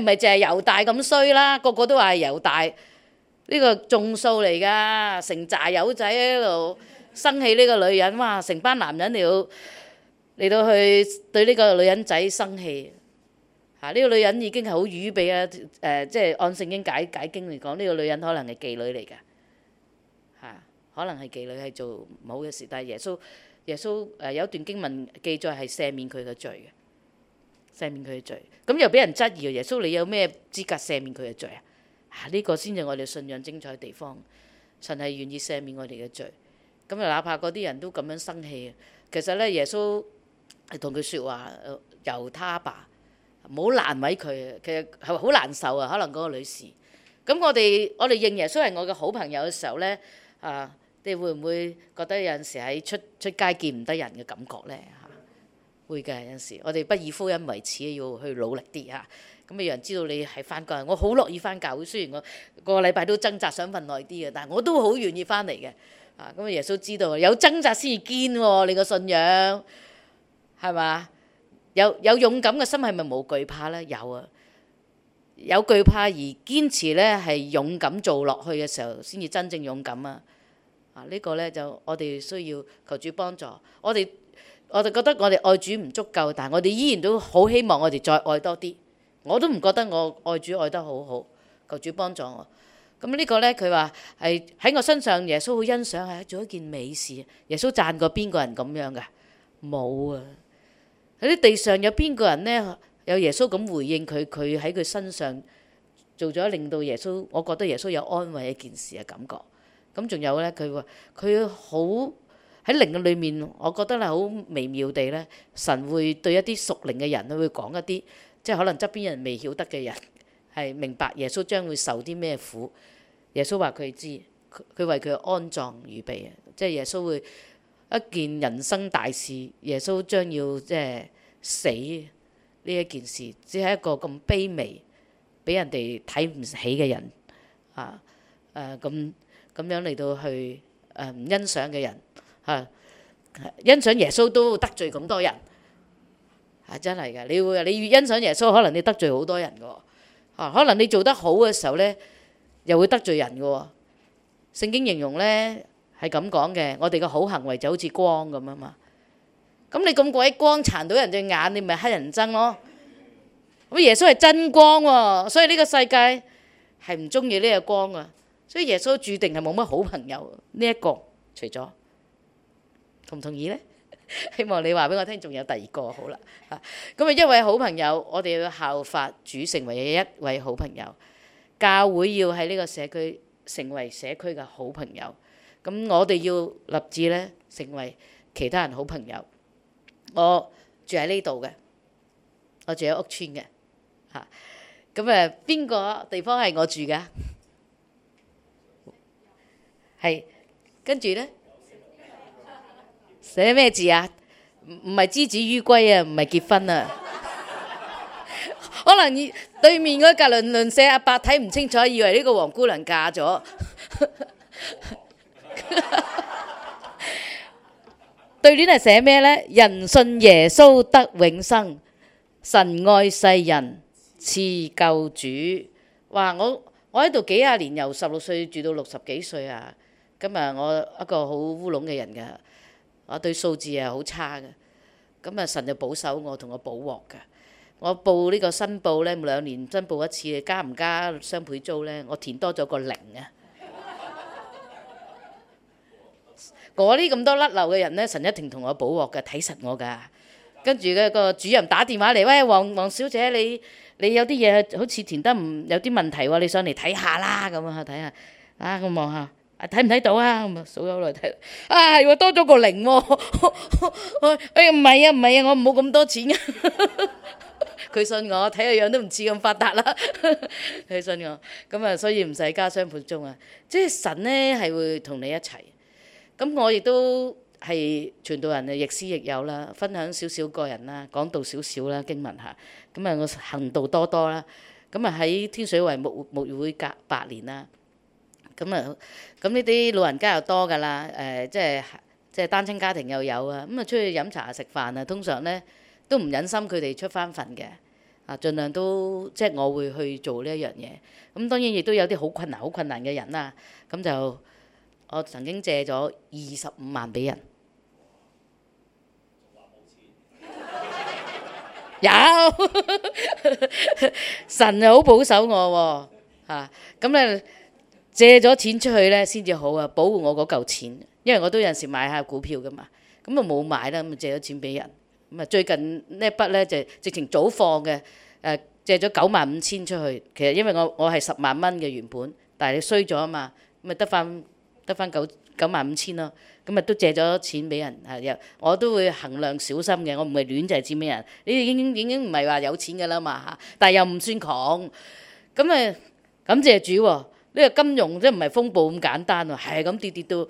唔係淨係猶大咁衰啦？個個都話係猶大呢個眾數嚟㗎，成紮友仔喺度生氣呢個女人，哇！成班男人嚟到嚟到去對呢個女人仔生氣嚇。呢個女人已經係好愚昧啊！誒，即係按聖經解解經嚟講，呢個女人可能係妓女嚟㗎嚇，可能係妓女係做唔好嘅事，但係耶穌耶穌誒有一段經文記載係赦免佢嘅罪嘅。赦免佢嘅罪，咁又俾人質疑啊！耶穌，你有咩資格赦免佢嘅罪啊？啊，呢個先至我哋信仰精彩嘅地方，神係願意赦免我哋嘅罪。咁又哪怕嗰啲人都咁樣生氣，其實咧，耶穌係同佢説話，由他吧，唔好難為佢。其實係好難受啊，可能嗰個女士。咁我哋我哋認耶穌係我嘅好朋友嘅時候咧，啊，你會唔會覺得有陣時喺出出街見唔得人嘅感覺咧？會㗎，有陣時，我哋不以福音為恥，要去努力啲嚇。咁啊，有人知道你係翻教，我好樂意翻教會。雖然我個禮拜都掙扎想瞓耐啲嘅，但係我都好願意翻嚟嘅。啊，咁、嗯、啊，耶穌知道有掙扎先至堅喎，你個信仰係嘛？有有勇敢嘅心係咪冇懼怕呢？有啊，有懼怕而堅持呢係勇敢做落去嘅時候，先至真正勇敢啊！啊，呢、這個呢，就我哋需要求主幫助，我哋。我就覺得我哋愛主唔足夠，但係我哋依然都好希望我哋再愛多啲。我都唔覺得我愛主愛得好好，求主幫助我。咁呢個呢，佢話係喺我身上耶穌，耶穌好欣賞係做一件美事。耶穌讚過邊個人咁樣㗎？冇啊！喺啲地上有邊個人呢？有耶穌咁回應佢，佢喺佢身上做咗令到耶穌，我覺得耶穌有安慰嘅一件事嘅感覺。咁仲有呢，佢話佢好。喺靈嘅裏面，我覺得係好微妙地咧，神會對一啲熟靈嘅人會講一啲，即係可能側邊人未曉得嘅人係明白耶穌將會受啲咩苦。耶穌話佢知，佢為佢安葬預備啊！即係耶穌會一件人生大事，耶穌將要即係死呢一件事，只係一個咁卑微，俾人哋睇唔起嘅人啊！誒咁咁樣嚟到去誒唔、啊、欣賞嘅人。啊！欣賞耶穌都得罪咁多人，啊真係噶。你會你越欣賞耶穌，可能你得罪好多人噶。哦，可能你做得好嘅時候呢，又會得罪人噶。聖經形容呢係咁講嘅，我哋嘅好行為就好似光咁啊嘛。咁你咁鬼光，殘到人隻眼，你咪乞人憎咯。咁耶穌係真光喎，所以呢個世界係唔中意呢個光啊。所以耶穌注定係冇乜好朋友。呢一個除咗。同唔同意呢？希望你話俾我聽，仲有第二個好啦嚇。咁啊，一位好朋友，我哋要效法主成為一位好朋友，教會要喺呢個社區成為社區嘅好朋友。咁我哋要立志咧，成為其他人好朋友。我住喺呢度嘅，我住喺屋村嘅嚇。咁、啊、誒，邊個地方係我住嘅？係，跟住呢。寫咩字啊？唔，唔係之子于歸啊？唔係結婚啊？可能對面嗰隔籬鄰舍阿伯睇唔清楚，以為呢個黃姑娘嫁咗。對聯係寫咩咧？人信耶穌得永生，神愛世人賜救主。哇！我我喺度幾廿年，由十六歲住到六十幾歲啊！今日我一個好烏龍嘅人噶。我對數字係好差嘅，咁啊神就保守我同我補鑊嘅。我報呢個申報咧，兩年申報一次，加唔加雙倍租呢，我填多咗個零啊！嗰啲咁多甩漏嘅人呢，神一定同我補鑊嘅，睇實我㗎。跟住嗰個主任打電話嚟，喂，黃黃小姐，你你有啲嘢好似填得唔有啲問題喎，你上嚟睇下啦，咁啊，睇下啊，咁望下。看看睇唔睇到啊？我數咗落去睇，啊係我多咗個零，誒唔係啊唔係啊，我冇咁多錢啊。佢信我，睇個樣都唔似咁發達啦。佢信我，咁啊所以唔使加雙倍鐘啊。即係神呢係會同你一齊。咁我亦都係傳道人啊，亦師亦友啦，分享少少個人啦，講道少少啦，經文吓。咁啊我行道多多啦。咁啊喺天水圍牧牧會隔八年啦。咁啊，咁呢啲老人家又多㗎啦，誒、呃，即係即係單親家庭又有啊，咁、嗯、啊出去飲茶食飯啊，通常咧都唔忍心佢哋出返份嘅，啊，盡量都即係我會去做呢一樣嘢。咁、嗯、當然亦都有啲好困難、好困難嘅人啦，咁、啊嗯、就我曾經借咗二十五萬俾人，有， 神又好保守我喎，嚇、啊，咁、嗯、咧。嗯嗯嗯嗯嗯嗯嗯借咗錢出去咧，先至好啊！保護我嗰嚿錢，因為我都有陣時買下股票噶嘛，咁啊冇買啦，咁借咗錢俾人，咁啊最近一筆呢筆咧就直情早放嘅，誒、呃、借咗九萬五千出去，其實因為我我係十萬蚊嘅原本，但係你衰咗啊嘛，咁咪得翻得翻九九萬五千咯，咁啊都借咗錢俾人，啊又我都會衡量小心嘅，我唔係亂就係借錢俾人，你哋已經已經唔係話有錢噶啦嘛嚇，但係又唔算窮，咁誒感謝主喎、啊。呢個金融即係唔係風暴咁簡單喎，係咁跌跌到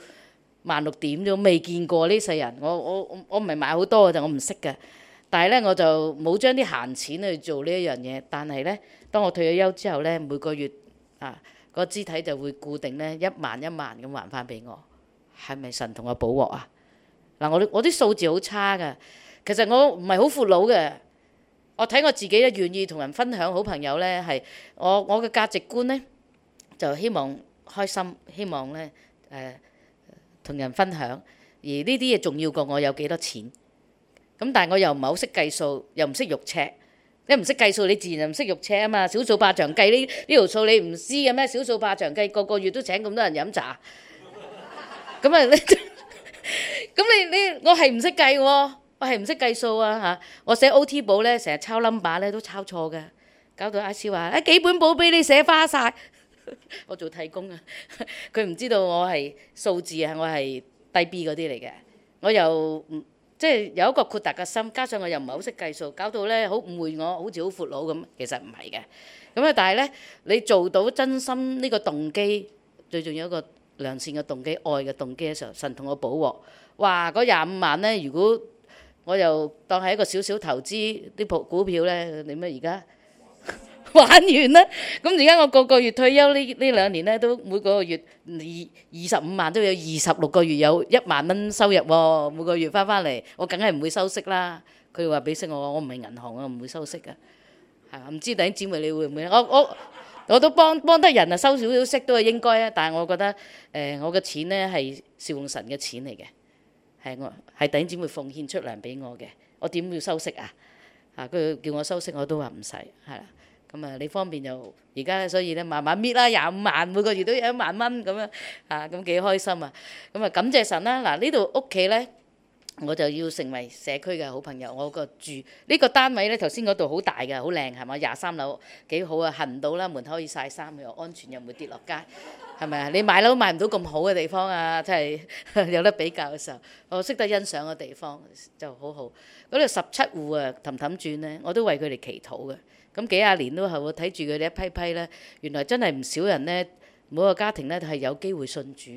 萬六點咗，未見過呢世人。我我我我唔係買好多嘅啫，我唔識嘅。但係咧，我就冇將啲閒錢去做呢一樣嘢。但係咧，當我退咗休之後咧，每個月啊個肢體就會固定咧一萬一萬咁還翻俾我。係咪神同我補鑊啊？嗱，我啲我啲數字好差㗎。其實我唔係好闊佬嘅。我睇我自己咧，願意同人分享好朋友咧，係我我嘅價值觀咧。就希望開心，希望咧誒同人分享，而呢啲嘢重要過我有幾多錢。咁但係我又唔係好識計數，又唔識肉尺。你唔識計數，你自然就唔識肉尺啊嘛。小數怕長計，呢呢條數你唔知嘅咩？小數怕長計，個個月都請咁多人飲茶，咁啊你咁你你我係唔識計喎，我係唔識計數啊嚇！我寫 OT 簿咧，成日抄 number 咧都抄錯嘅，搞到阿超話：誒幾本簿俾你寫花曬。 我做替工啊！佢 唔知道我係數字啊，我係低 B 嗰啲嚟嘅。我又唔即係有一個闊達嘅心，加上我又唔係好識計數，搞到咧好誤會我，好似好闊佬咁。其實唔係嘅。咁啊，但係咧，你做到真心呢個動機，最重要一個良善嘅動機、愛嘅動機嘅時候，神同我補鑊。哇！嗰廿五萬咧，如果我又當係一個小小投資啲股票咧，你啊？而家。玩完啦！咁而家我個個月退休呢？呢兩年咧都每個月二二十五萬，都有二十六個月有一萬蚊收入喎。每個月翻翻嚟，我梗係唔會收息啦。佢話俾息我，我唔係銀行，我唔會收息噶。係啊，唔知弟姊妹你會唔會？我我我都幫幫得人啊，收少少息都係應該啊。但係我覺得誒、呃，我嘅錢咧係屬於神嘅錢嚟嘅，係我係弟姊妹奉獻出糧俾我嘅，我點會收息啊？啊，佢叫我收息，我都話唔使係啦。咁啊，你方便就而家，所以咧慢慢搣啦，廿五萬每個月都有一萬蚊咁樣嚇，咁幾開心啊！咁啊，感謝神啦嗱，呢度屋企咧，我就要成為社區嘅好朋友。我個住呢個單位咧，頭先嗰度好大㗎，好靚係嘛，廿三樓幾好啊，行到啦，門口可以曬衫，又安全又唔會跌落街，係咪啊？你買樓買唔到咁好嘅地方啊，真係有得比較嘅時候，我識得欣賞嘅地方就好好。嗰度十七戶啊，氹氹轉咧，我都為佢哋祈禱嘅。咁幾廿年都係喎，睇住佢哋一批批咧，原來真係唔少人咧，每個家庭咧係有機會信主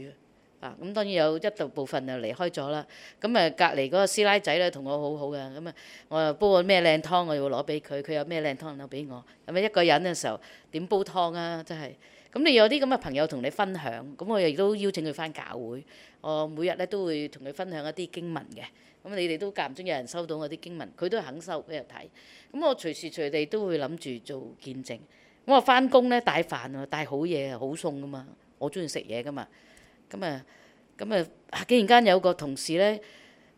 啊！咁當然有一度部分就離開咗啦。咁啊，隔離嗰個師奶仔咧，同我好好嘅，咁啊，我又煲個咩靚湯，我要攞俾佢，佢有咩靚湯攞俾我。咁啊，一個人嘅時候點煲湯啊？真係～咁你有啲咁嘅朋友同你分享，咁我亦都邀請佢翻教會。我每日咧都會同佢分享一啲經文嘅。咁你哋都間唔中有人收到我啲經文，佢都肯收俾人睇。咁我隨時隨地都會諗住做見證。我話翻工咧帶飯啊，帶好嘢好餸噶嘛，我中意食嘢噶嘛。咁啊，咁啊，竟然間有個同事咧，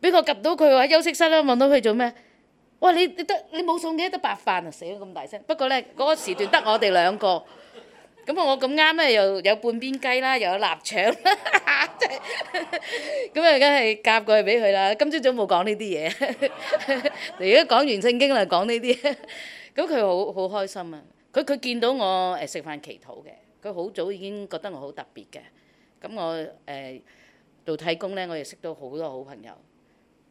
俾我 𥄫 到佢話休息室啦，望到佢做咩？哇！你你得你冇餸嘅，得白飯啊，死咗咁大聲。不過咧，嗰個時段得我哋兩個。咁啊！我咁啱咧，又有半邊雞啦，又有臘腸啦，即係咁啊！梗係夾過去俾佢啦。今朝早冇講呢啲嘢，你而家講完聖經啦，講呢啲咁佢好好開心啊！佢佢見到我誒食飯祈禱嘅，佢好早已經覺得我好特別嘅。咁我誒做體工咧，我又識到好多好朋友。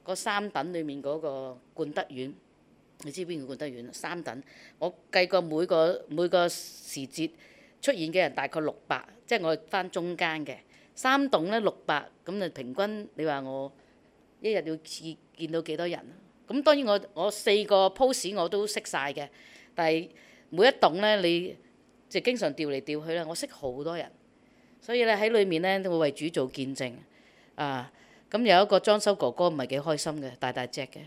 嗰三等裏面嗰個冠德苑，你知邊個冠德苑啦？三等我計過每個每個時節。出現嘅人大概六百，即係我翻中間嘅三棟咧六百，咁啊平均你話我一日要見到幾多人？咁當然我我四個 pose 我都識晒嘅，但係每一棟咧你就經常調嚟調去啦，我識好多人，所以咧喺裏面咧都會為主做見證啊。咁有一個裝修哥哥唔係幾開心嘅，大大隻嘅，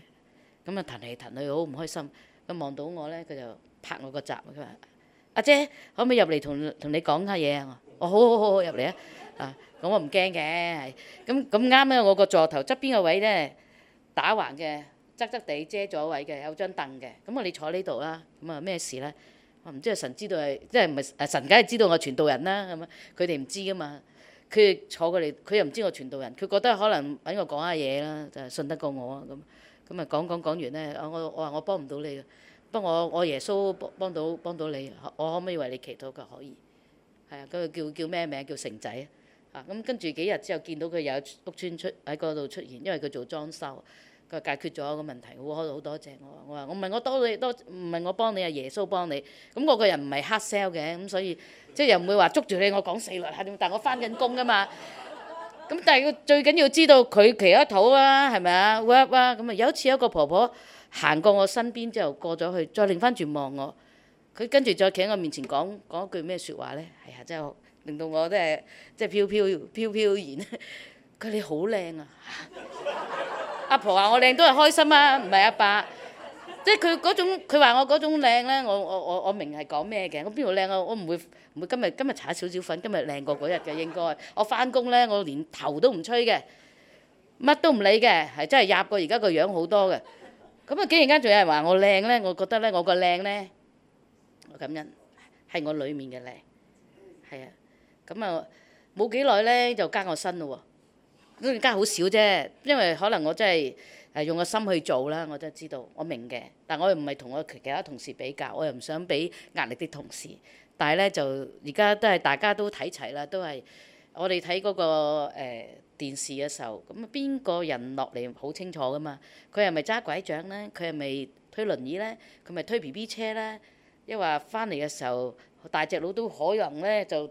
咁啊騰嚟騰去好唔開心，佢望到我咧佢就拍我個閘，佢話。阿姐，可唔可以入嚟同同你講下嘢啊？我好好好好入嚟啊！啊，咁我唔驚嘅，係咁咁啱咧，我個座頭側邊個位咧打橫嘅，側側地遮咗位嘅，有張凳嘅。咁、嗯、啊，你坐呢度啦。咁啊，咩事咧？我唔知啊，神知道係，即係唔係？誒，神梗係知道我傳道人啦。咁啊，佢哋唔知噶嘛。佢坐過嚟，佢又唔知我傳道人，佢覺得可能揾我講下嘢啦，就係信得過我講一講一講啊。咁咁啊，講講講完咧，我我我話我幫唔到你啊。不過我，我耶穌幫幫到幫到你，我可唔可以為你祈禱？佢可以，係啊。咁佢叫叫咩名？叫城仔啊。咁跟住幾日之後，見到佢有屋村出喺嗰度出現，因為佢做裝修，佢解決咗一個問題。我開到好多謝我，我話我唔係我多你多，唔係我幫你啊，耶穌幫你。咁我個人唔係 hard sell 嘅，咁所以即係又唔會話捉住你，我講四律係點？但係我翻緊工㗎嘛。咁但係佢最緊要知道佢祈咗禱啊，係咪啊？Work 啊！咁啊，有一次有個婆婆。行過我身邊之後過咗去，再擰翻轉望我，佢跟住再企喺我面前講講一句咩説話呢？係、哎、啊，真係令到我都係即係飄飄飄飄然。佢，你好靚啊！ 阿婆話我靚都係開心啊，唔係阿爸。即係佢嗰種，佢話我嗰種靚呢，我我我我明係講咩嘅？我邊度靚啊？我唔會唔會今日今日搽少少粉，今日靚過嗰日嘅應該。我翻工呢，我連頭都唔吹嘅，乜都唔理嘅，係真係醜過而家個樣好多嘅。咁啊！竟、嗯、然間仲有人話我靚咧，我覺得咧，我個靚咧，我感恩係我裡面嘅靚，係啊！咁、嗯、啊，冇幾耐咧就加我薪咯喎，跟住加好少啫，因為可能我真係係、啊、用個心去做啦，我真係知道，我明嘅。但我又唔係同我其他同事比較，我又唔想俾壓力啲同事。但係咧，就而家都係大家都睇齊啦，都係。我哋睇嗰個誒、呃、電視嘅時候，咁啊邊個人落嚟好清楚噶嘛？佢係咪揸枴杖咧？佢係咪推輪椅咧？佢咪推 B B 車咧？因為話翻嚟嘅時候，大隻佬都可能咧就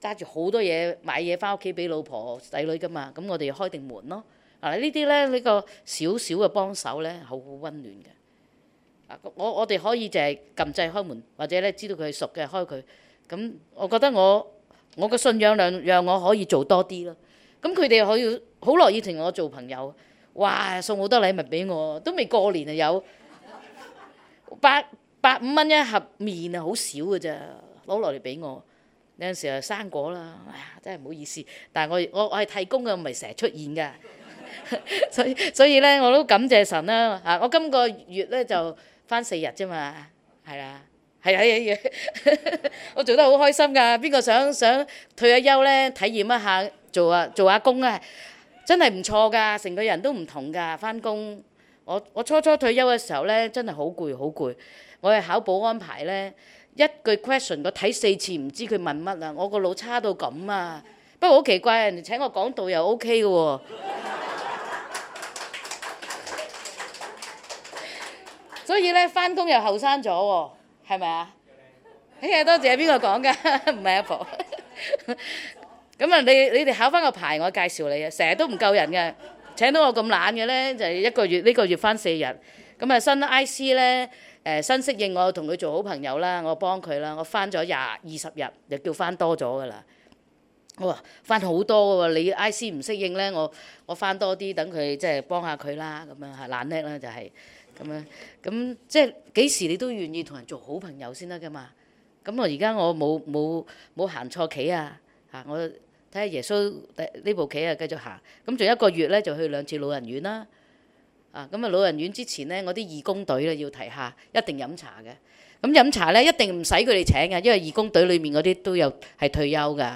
揸住好多嘢買嘢翻屋企俾老婆仔女噶嘛。咁、嗯、我哋要開定門咯。嗱、啊、呢啲咧、這個、呢個少少嘅幫手咧，好溫暖嘅。啊，我我哋可以就係撳掣開門，或者咧知道佢熟嘅開佢。咁、嗯、我覺得我。我個信仰量讓我可以做多啲咯，咁佢哋可以好耐以前我做朋友，哇送好多禮物俾我，都未過年啊有，八百五蚊一盒麵啊好少嘅咋，攞落嚟俾我，有陣時啊生果啦，哎呀真係唔好意思，但係我我我係替工嘅，唔係成日出現㗎， 所以所以咧我都感謝神啦，嚇我今個月咧就返四日啫嘛，係啊。係啊！我做得好開心㗎。邊個想想退下休咧？體驗一下做啊做下工啊，真係唔錯㗎。成個人都唔同㗎。翻工，我我初初退休嘅時候咧，真係好攰好攰。我係考保安牌咧，一句 question 我睇四次唔知佢問乜啦。我個腦差到咁啊！不過好奇怪，人哋請我講道又 OK 嘅喎。所以咧，翻工又後生咗喎。係咪啊？哎呀，多謝邊個講噶？唔係阿婆。咁 啊，你你哋考翻個牌，我介紹你啊。成日都唔夠人嘅，請到我咁懶嘅咧，就係、是、一個月呢個月翻四日。咁啊，新 IC 咧，誒新適應我，我同佢做好朋友啦，我幫佢啦。我翻咗廿二十日，又叫翻多咗噶啦。好話翻好多喎，你 IC 唔適應咧，我我翻多啲，等佢即係幫下佢啦。咁樣啊，懶叻啦、就是，就係。咁樣，咁即係幾時你都願意同人做好朋友先得㗎嘛？咁我而家我冇冇冇行錯棋啊！嚇，我睇下耶穌第呢部棋啊，繼續行。咁仲有一個月咧，就去兩次老人院啦。啊，咁啊，老人院之前咧，我啲義工隊咧要提下，一定飲茶嘅。咁飲茶咧，一定唔使佢哋請嘅，因為義工隊裡面嗰啲都有係退休㗎。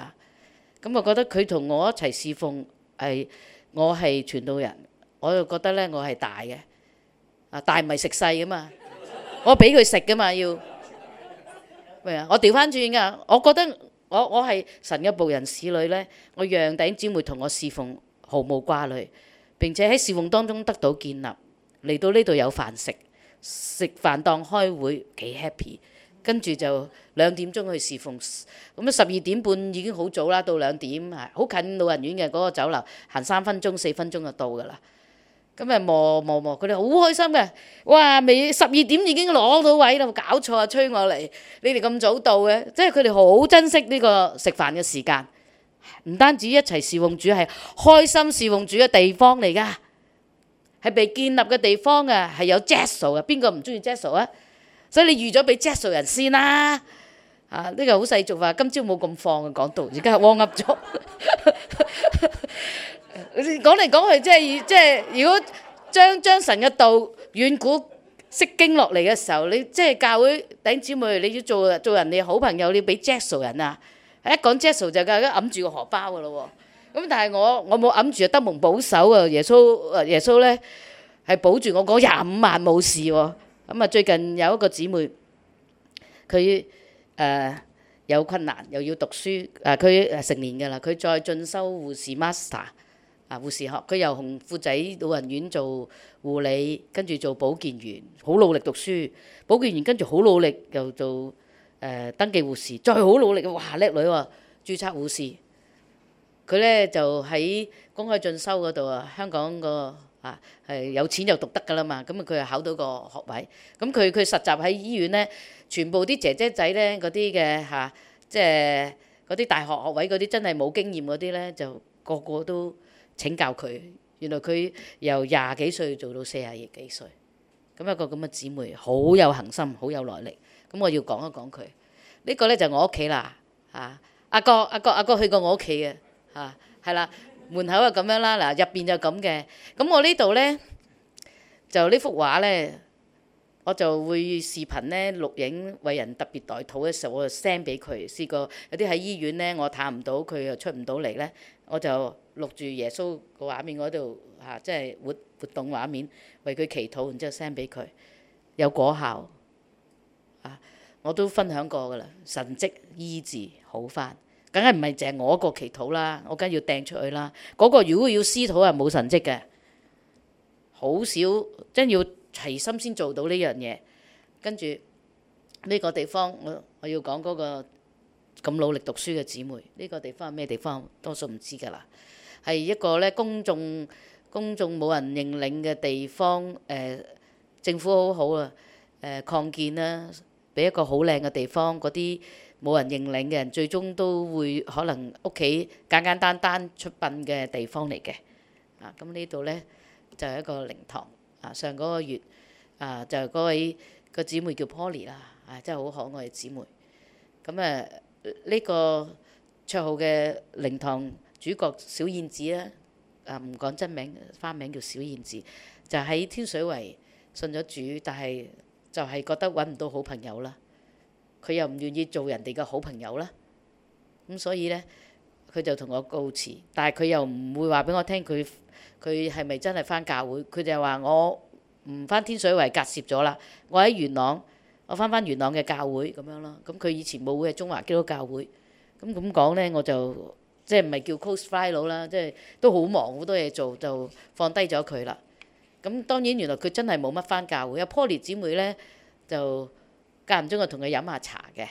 咁我覺得佢同我一齊侍奉係我係傳道人，我就覺得咧我係大嘅。啊，大唔係食細噶嘛，我俾佢食噶嘛要，明啊？我調翻轉噶，我覺得我我係神嘅僕人使女咧，我讓弟兄姊妹同我侍奉，毫無掛慮，並且喺侍奉當中得到建立，嚟到呢度有飯食，食飯當開會幾 happy，跟住就兩點鐘去侍奉，咁啊十二點半已經好早啦，到兩點啊好近老人院嘅嗰個酒樓，行三分鐘四分鐘就到噶啦。咁咪磨磨磨，佢哋好開心嘅。哇，未十二點已經攞到位啦，冇搞錯啊！催我嚟，你哋咁早到嘅，即係佢哋好珍惜呢個食飯嘅時間。唔單止一齊侍奉主，係開心侍奉主嘅地方嚟㗎，係被建立嘅地方啊，係有耶穌啊，邊個唔中意耶穌啊？所以你預咗俾耶穌人先啦。啊，呢個好世俗啊，今朝冇咁放嘅講道，而家汪噏咗。講嚟講去，即係即係如果將將神嘅道遠古釋經落嚟嘅時候，你即係教會頂姊妹，你要做做人哋好朋友，你要俾 Jesus 人啊！一講 Jesus 就梗係揞住個荷包噶咯喎。咁但係我我冇揞住，得蒙保守啊！耶穌啊，耶穌咧係保住我嗰廿五萬冇事喎。咁啊，最近有一個姊妹佢誒、呃、有困難，又要讀書，誒佢誒成年㗎啦，佢再進修護士 master。啊！護士學佢又紅褲仔老人院做護理，跟住做保健員，好努力讀書。保健員跟住好努力又做誒、呃、登記護士，再好努力嘅哇叻女喎，註冊護士。佢呢就喺公開進修嗰度啊！香港個啊係有錢就讀得㗎啦嘛，咁啊佢又考到個學位。咁佢佢實習喺醫院呢，全部啲姐姐仔呢嗰啲嘅嚇，即係嗰啲大學學位嗰啲真係冇經驗嗰啲呢，就個個都。請教佢，原來佢由廿幾歲做到四十幾歲，咁一個咁嘅姊妹，好有恒心，好有耐力，咁我要講一講佢。呢個呢就我屋企啦，嚇，阿哥、阿哥、阿哥去過我屋企嘅，嚇，係啦，門口就咁樣啦，嗱入邊就咁嘅，咁我呢度呢，就呢幅畫呢，我就會視頻呢，錄影，為人特別代禱嘅時候，我就 send 俾佢。試過有啲喺醫院呢，我探唔到佢又出唔到嚟呢。我就錄住耶穌個畫面嗰度嚇，即係活活動畫面，為佢祈禱，然之後 send 俾佢，有果效啊！我都分享過㗎啦，神蹟醫治好翻，梗係唔係淨係我一個祈禱啦？我梗係要掟出去啦！嗰個如果要私禱係冇神蹟嘅，好少真要齊心先做到呢樣嘢。跟住呢個地方，我我要講嗰個。咁努力讀書嘅姊妹，呢、這個地方係咩地方？多數唔知㗎啦，係一個咧公眾公眾冇人認領嘅地方。誒、呃，政府好好啊，誒、呃、擴建啦、啊，俾一個好靚嘅地方。嗰啲冇人認領嘅人，最終都會可能屋企簡簡單單出殯嘅地方嚟嘅。啊，咁、嗯、呢度咧就係、是、一個靈堂。啊，上嗰個月啊，就係、是、嗰位、那個姊妹叫 Polly l、啊、啦，啊，真係好可愛嘅姊妹。咁啊～、嗯啊呢個綽號嘅靈堂主角小燕子啦，啊唔講真名，花名叫小燕子，就喺天水圍信咗主，但係就係覺得揾唔到好朋友啦，佢又唔願意做人哋嘅好朋友啦，咁所以呢，佢就同我告辭，但係佢又唔會話俾我聽佢佢係咪真係返教會，佢就話我唔返天水圍隔涉咗啦，我喺元朗。我翻翻元朗嘅教會咁樣咯，咁佢以前冇會喺中華基督教會，咁咁講呢，我就即係唔係叫 close fly 佬啦，即係都好忙好多嘢做，就放低咗佢啦。咁當然原來佢真係冇乜翻教會，阿 Poly 姊妹呢，就間唔中就同佢飲下茶嘅。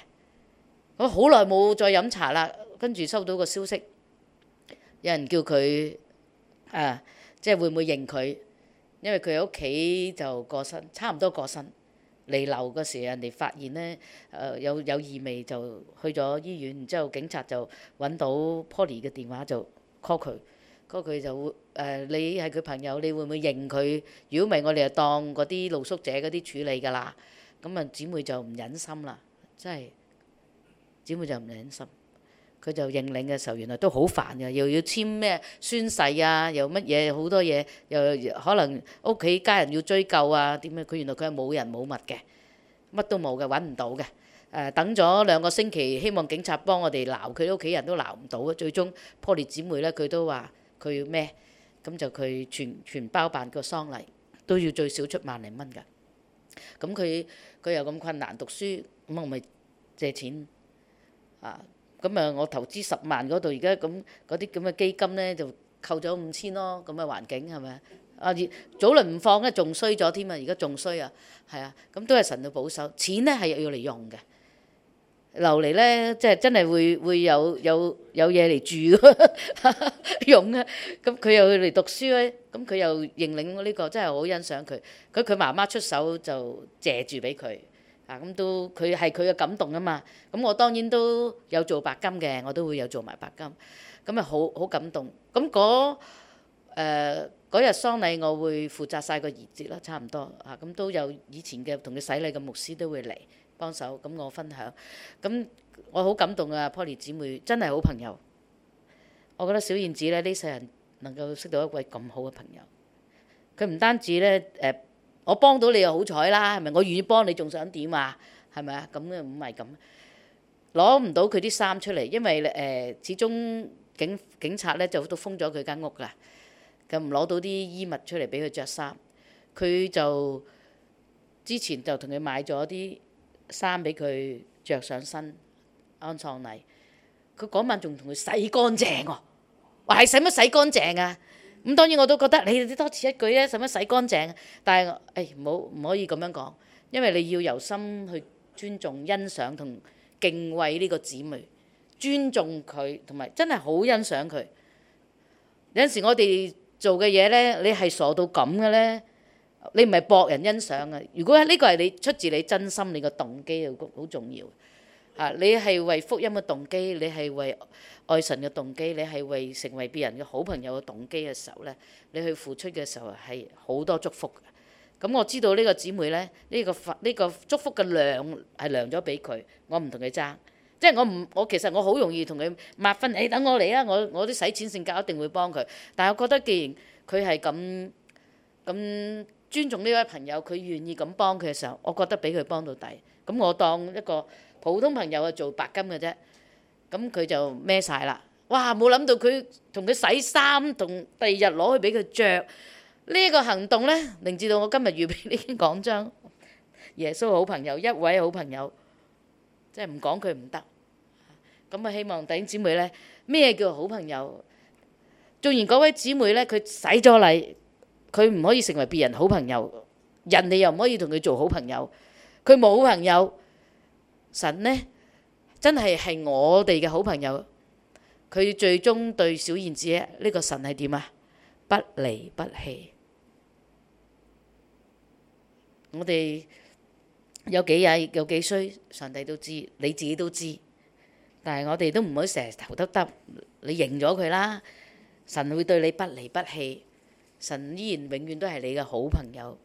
我好耐冇再飲茶啦，跟住收到個消息，有人叫佢誒、啊，即係會唔會認佢？因為佢喺屋企就過身，差唔多過身。嚟流嗰時，人哋發現咧，誒，有有異味就去咗醫院，然之後警察就揾到 Poly 嘅電話就 call 佢，call 佢就會誒、呃、你係佢朋友，你會唔會認佢？如果唔係，我哋就當嗰啲露宿者嗰啲處理㗎啦。咁啊，姊妹就唔忍心啦，真係姊妹就唔忍心。佢就認領嘅時候，原來都好煩嘅，又要簽咩宣誓啊，又乜嘢，好多嘢，又可能屋企家人要追究啊，點樣。佢原來佢係冇人冇物嘅，乜都冇嘅，搵唔到嘅。誒、呃，等咗兩個星期，希望警察幫我哋鬧佢屋企人都鬧唔到，最終破裂姊妹咧，佢都話佢要咩？咁就佢全全包辦個喪禮，都要最少出萬零蚊㗎。咁佢佢又咁困難讀書，咁我咪借錢啊？咁啊！我投資十萬嗰度，而家咁嗰啲咁嘅基金咧，就扣咗五千咯。咁嘅環境係咪啊？啊，早輪唔放咧，仲衰咗添啊！而家仲衰啊，係啊！咁都係神嘅保守，錢咧係要嚟用嘅，留嚟咧即係真係會會有有有嘢嚟住 用啊！咁佢又要嚟讀書咧，咁佢又認領呢、這個，真係好欣賞佢。佢佢媽媽出手就借住俾佢。啊，咁都佢係佢嘅感動啊嘛！咁我當然都有做白金嘅，我都會有做埋白金，咁啊好好感動。咁嗰誒嗰日喪禮，我會負責曬個儀節啦，差唔多吓。咁都有以前嘅同佢洗禮嘅牧師都會嚟幫手，咁我分享。咁我好感動啊，Polly 姊妹真係好朋友。我覺得小燕子咧呢世人能夠識到一位咁好嘅朋友，佢唔單止咧誒。我幫到你又好彩啦，係咪？我願意幫你，仲想點啊？係咪啊？咁啊，唔係咁，攞唔到佢啲衫出嚟，因為誒、呃，始終警警察咧就都封咗佢間屋㗎，咁唔攞到啲衣物出嚟俾佢着衫，佢就之前就同佢買咗啲衫俾佢着上身安葬禮，佢嗰晚仲同佢洗乾淨喎，話係使乜洗乾淨啊？咁當然我都覺得你多此一舉咧，使乜洗乾淨？但係誒，唔好唔可以咁樣講，因為你要由心去尊重、欣賞同敬畏呢個姊妹，尊重佢同埋真係好欣賞佢。有陣時我哋做嘅嘢呢，你係傻到咁嘅呢，你唔係博人欣賞嘅。如果呢個係你出自你真心，你個動機好好重要。啊！你係為福音嘅動機，你係為愛神嘅動機，你係為成為別人嘅好朋友嘅動機嘅時候呢，你去付出嘅時候係好多祝福嘅。咁、嗯、我知道呢個姊妹咧，呢個呢個祝福嘅量係量咗俾佢，我唔同佢爭，即係我唔我其實我好容易同佢抹分。你、哎、等我嚟啊！我我啲使錢性格一定會幫佢，但係我覺得既然佢係咁咁尊重呢位朋友，佢願意咁幫佢嘅時候，我覺得俾佢幫到底，咁、嗯、我當一個。普通朋友啊，做白金嘅啫，咁佢就孭晒啦。哇，冇諗到佢同佢洗衫，同第二日攞去俾佢着。呢個行動呢，令至到我今日預備呢篇講章：耶穌好朋友，一位好朋友，即係唔講佢唔得。咁啊，希望弟兄姊妹呢，咩叫好朋友？做完嗰位姊妹呢，佢洗咗禮，佢唔可以成為別人好朋友，人哋又唔可以同佢做好朋友，佢冇好朋友。神呢，真係係我哋嘅好朋友。佢最終對小燕子呢個神係點啊？不離不棄。我哋有幾矮有幾衰，上帝都知，你自己都知。但係我哋都唔好成日頭耷耷，你認咗佢啦。神會對你不離不棄，神依然永遠都係你嘅好朋友。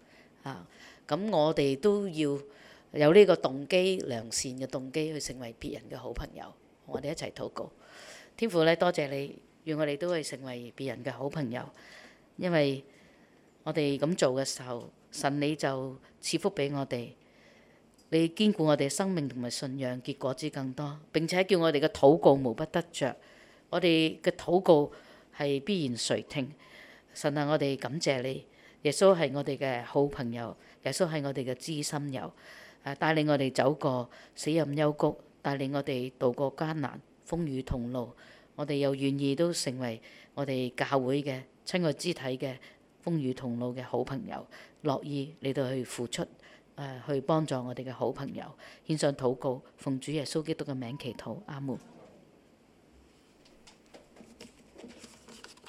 啊，咁我哋都要。有呢個動機良善嘅動機去成為別人嘅好朋友，我哋一齊禱告。天父咧，多謝你，願我哋都可以成為別人嘅好朋友。因為我哋咁做嘅時候，神你就賜福俾我哋，你堅固我哋嘅生命同埋信仰，結果之更多。並且叫我哋嘅禱告無不得著，我哋嘅禱告係必然垂聽。神啊，我哋感謝你，耶穌係我哋嘅好朋友，耶穌係我哋嘅知心友。誒帶領我哋走過死蔭幽谷，帶領我哋渡過艱難風雨同路，我哋又願意都成為我哋教會嘅親愛肢體嘅風雨同路嘅好朋友，樂意你哋去付出誒、呃、去幫助我哋嘅好朋友，獻上禱告，奉主耶穌基督嘅名祈禱，阿門。